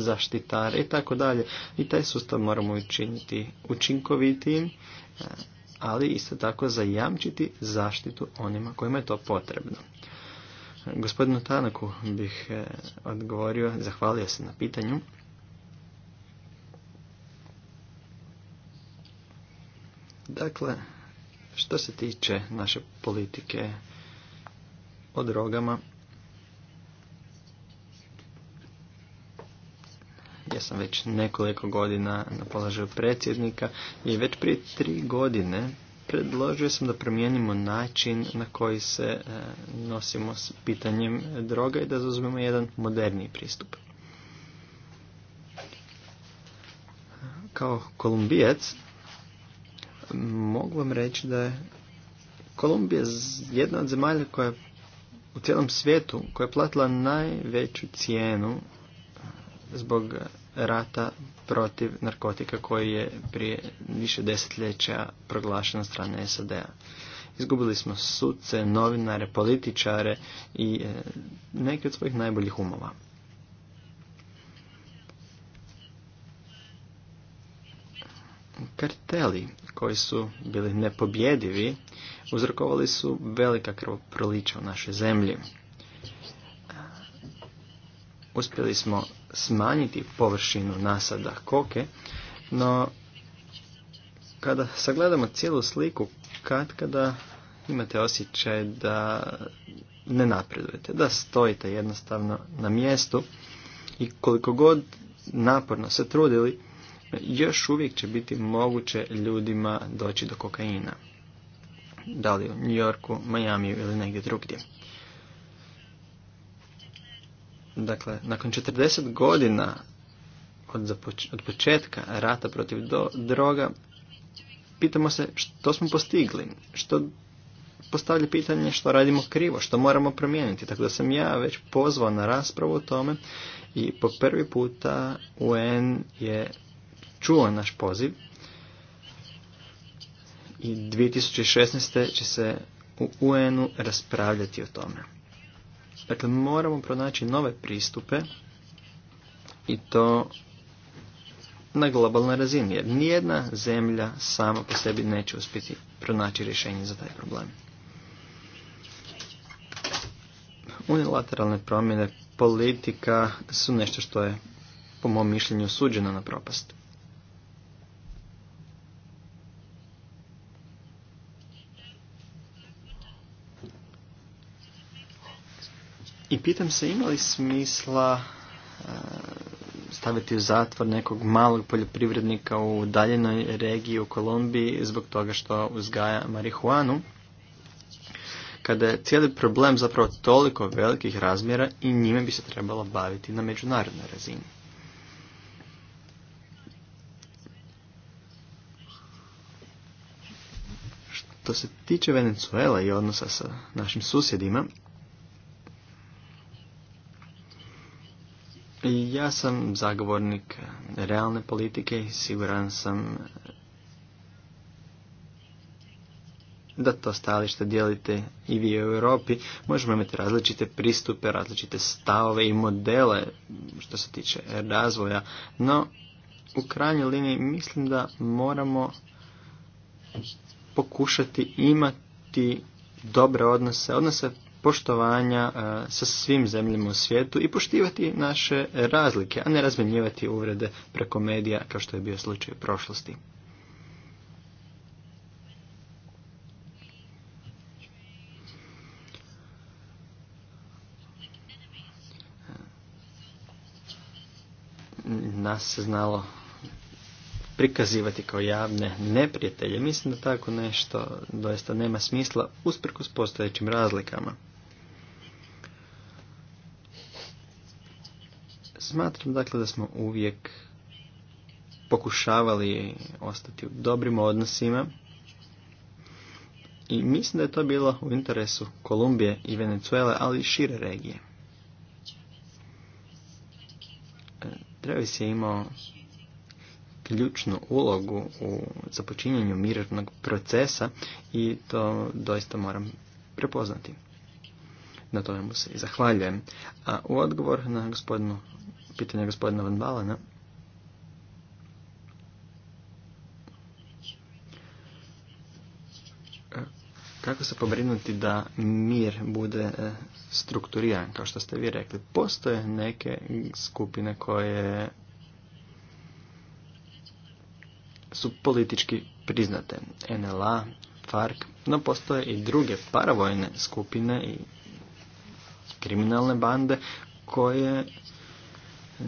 zaštitare i tako dalje. I taj sustav moramo učiniti učinkovitijim, eh, ali isto tako zajamčiti zaštitu onima kojima je to potrebno. Gospodinu Tanaku bih eh, odgovorio, zahvalio se na pitanju. Dakle, što se tiče naše politike o drogama, Ja sam već nekoliko godina na položaju predsjednika i već prije tri godine predložio sam da promijenimo način na koji se e, nosimo s pitanjem droga i da zauzmemo jedan moderniji pristup. Kao kolumbijac mogu vam reći da je Kolumbija jedna od zemalja koja u cijelom svijetu koja je platila najveću cijenu zbog rata protiv narkotika koji je prije više desetljeća proglašen od strane SAD-a. Izgubili smo suce, novinare, političare i e, neke od svojih najboljih umova. Karteli koji su bili nepobjedivi uzrokovali su velika krvoprolića u našoj zemlji. Uspjeli smo smanjiti površinu nasada koke, no kada sagledamo cijelu sliku, kad kada imate osjećaj da ne napredujete, da stojite jednostavno na mjestu i koliko god naporno se trudili, još uvijek će biti moguće ljudima doći do kokaina. Da li u New Yorku, Miami ili negdje drugdje. Dakle, nakon 40 godina od, od početka rata protiv do droga, pitamo se što smo postigli, što postavlja pitanje što radimo krivo, što moramo promijeniti. Tako da sam ja već pozvao na raspravu o tome i po prvi puta UN je čuo naš poziv i 2016. će se u UN-u raspravljati o tome. Dakle, moramo pronaći nove pristupe i to na globalnoj razini, jer nijedna zemlja sama po sebi neće uspjeti pronaći rješenje za taj problem. Unilateralne promjene politika su nešto što je, po mom mišljenju, suđeno na propast. I pitam se ima li smisla e, staviti u zatvor nekog malog poljoprivrednika u daljenoj regiji u Kolumbiji zbog toga što uzgaja marihuanu, kada je cijeli problem zapravo toliko velikih razmjera i njime bi se trebalo baviti na međunarodnoj razini. Što se tiče Venezuela i odnosa sa našim susjedima, Ja sam zagovornik realne politike i siguran sam da to stajalište dijelite i vi u Europi. Možemo imati različite pristupe, različite stavove i modele što se tiče razvoja, no u krajnjoj liniji mislim da moramo pokušati imati dobre odnose, odnose poštovanja e, sa svim zemljama u svijetu i poštivati naše razlike, a ne razmjenjivati uvrede preko medija kao što je bio slučaj u prošlosti. Nas se znalo prikazivati kao javne neprijatelje. Mislim da tako nešto doista nema smisla usprkos postojećim razlikama. Smatram dakle da smo uvijek pokušavali ostati u dobrim odnosima i mislim da je to bilo u interesu Kolumbije i Venezuele, ali i šire regije. E, Travis je imao ključnu ulogu u započinjenju mirnog procesa i to doista moram prepoznati. Na tome mu se i zahvaljujem. A u odgovor na gospodinu pitanje gospodina Van Balana. E, kako se pobrinuti da mir bude e, strukturiran, kao što ste vi rekli? Postoje neke skupine koje su politički priznate. NLA, FARC, no postoje i druge paravojne skupine i kriminalne bande koje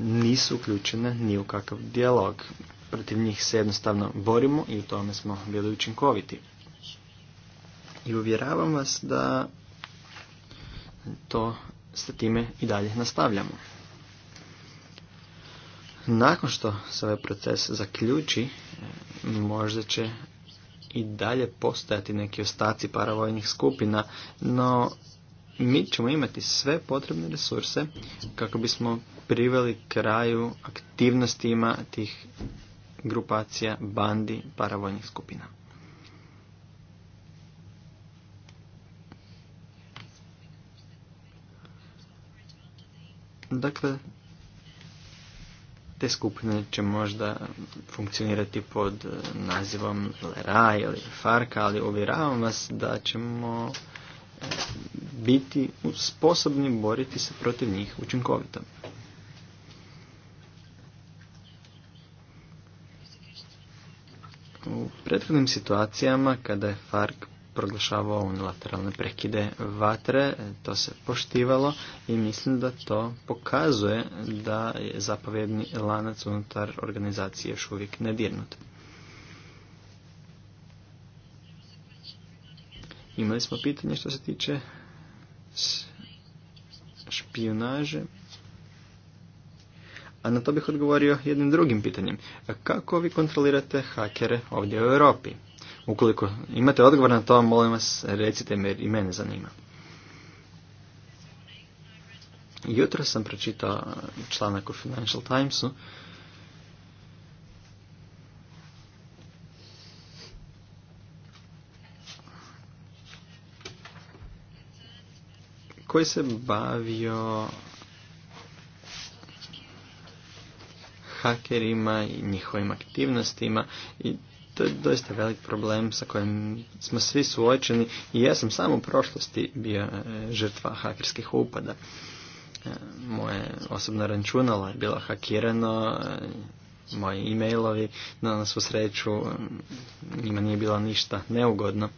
nisu uključene ni u kakav dijalog. Protiv njih se jednostavno borimo i u tome smo bili učinkoviti. I uvjeravam vas da to sa time i dalje nastavljamo. Nakon što se ovaj proces zaključi, možda će i dalje postojati neki ostaci paravojnih skupina, no mi ćemo imati sve potrebne resurse kako bismo priveli kraju aktivnostima tih grupacija, bandi, paravojnih skupina. Dakle, te skupine će možda funkcionirati pod eh, nazivom Leraj ili Farka, ali uvjeravam vas da ćemo eh, biti sposobni boriti se protiv njih učinkovito. U prethodnim situacijama kada je FARC proglašavao unilateralne prekide vatre, to se poštivalo i mislim da to pokazuje da je zapovjedni lanac unutar organizacije još uvijek nedirnut. Imali smo pitanje što se tiče špionaže. A na to bih odgovorio jednim drugim pitanjem. Kako vi kontrolirate hakere ovdje u Europi? Ukoliko imate odgovor na to, molim vas, recite mi jer i mene zanima. Jutro sam pročitao članak u Financial Timesu koji se bavio hakerima i njihovim aktivnostima i to je doista velik problem sa kojim smo svi suočeni i ja sam samo u prošlosti bio e, žrtva hakerskih upada. E, moje osobno računalo je bilo hakirano, e, moji e-mailovi, na svu sreću njima nije bilo ništa neugodno.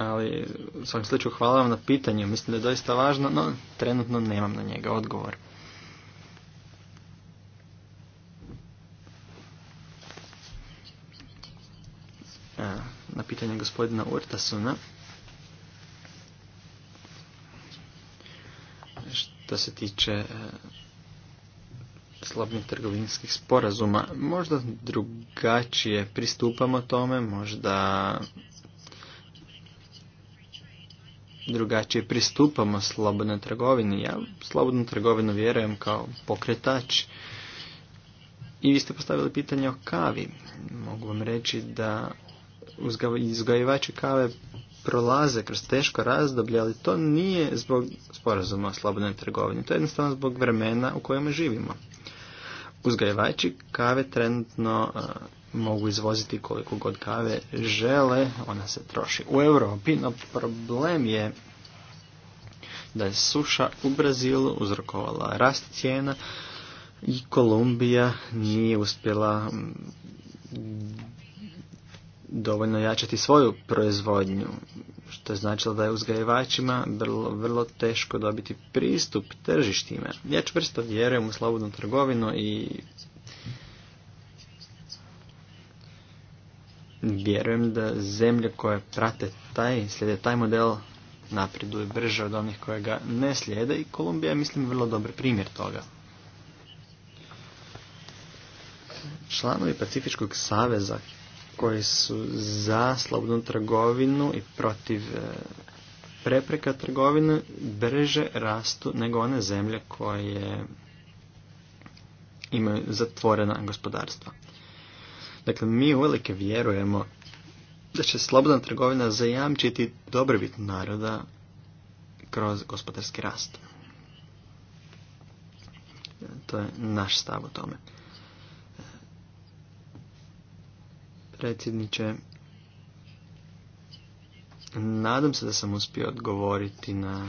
ali u svakom slučaju hvala vam na pitanju. Mislim da je doista važno, no trenutno nemam na njega odgovor. E, na pitanje gospodina Urtasuna. Što se tiče e, slobnih trgovinskih sporazuma, možda drugačije pristupamo tome, možda drugačije pristupamo slobodnoj trgovini. Ja slobodnu trgovinu vjerujem kao pokretač. I vi ste postavili pitanje o kavi. Mogu vam reći da uzgajivači kave prolaze kroz teško razdoblje, ali to nije zbog sporazuma o slobodnoj trgovini. To je jednostavno zbog vremena u kojima živimo. Uzgajivači kave trenutno mogu izvoziti koliko god kave žele, ona se troši u Europi, no problem je da je suša u Brazilu uzrokovala rast cijena i Kolumbija nije uspjela mm, dovoljno jačati svoju proizvodnju, što je značilo da je uzgajivačima vrlo, vrlo teško dobiti pristup tržištima. Ja čvrsto vjerujem u slobodnu trgovinu i Vjerujem da zemlje koje prate taj, slijede taj model napreduje brže od onih koje ga ne slijede i Kolumbija je, mislim, vrlo dobar primjer toga. Članovi Pacifičkog saveza koji su za slobodnu trgovinu i protiv e, prepreka trgovine brže rastu nego one zemlje koje imaju zatvorena gospodarstva. Dakle, mi uvelike vjerujemo da će slobodna trgovina zajamčiti dobrobit naroda kroz gospodarski rast. To je naš stav o tome. Predsjedniče, nadam se da sam uspio odgovoriti na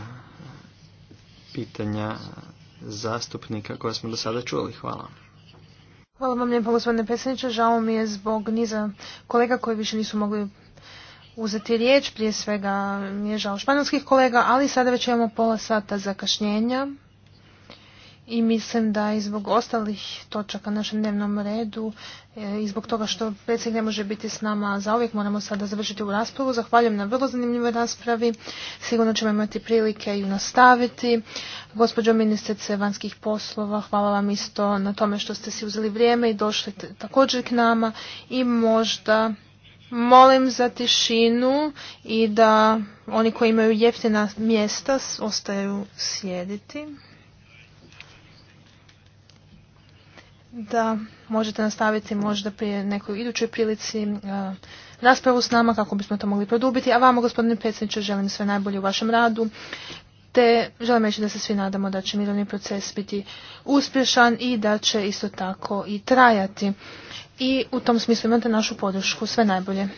pitanja zastupnika koja smo do sada čuli. Hvala. Hvala vam lijepo gospodine predsjedniče. Žao mi je zbog niza kolega koji više nisu mogli uzeti riječ. Prije svega mi je žao španjolskih kolega, ali sada već imamo pola sata zakašnjenja i mislim da i zbog ostalih točaka našem dnevnom redu e, i zbog toga što predsjednik ne može biti s nama za uvijek moramo sada završiti u raspravu. Zahvaljujem na vrlo zanimljivoj raspravi. Sigurno ćemo imati prilike i nastaviti. Gospođo ministrice vanjskih poslova, hvala vam isto na tome što ste si uzeli vrijeme i došli također k nama i možda molim za tišinu i da oni koji imaju jeftina mjesta ostaju sjediti. da možete nastaviti možda prije nekoj idućoj prilici e, raspravu s nama kako bismo to mogli produbiti. A vama, gospodine predsjedniče, želim sve najbolje u vašem radu. Te želim reći da se svi nadamo da će mirovni proces biti uspješan i da će isto tako i trajati. I u tom smislu imate našu podršku. Sve najbolje.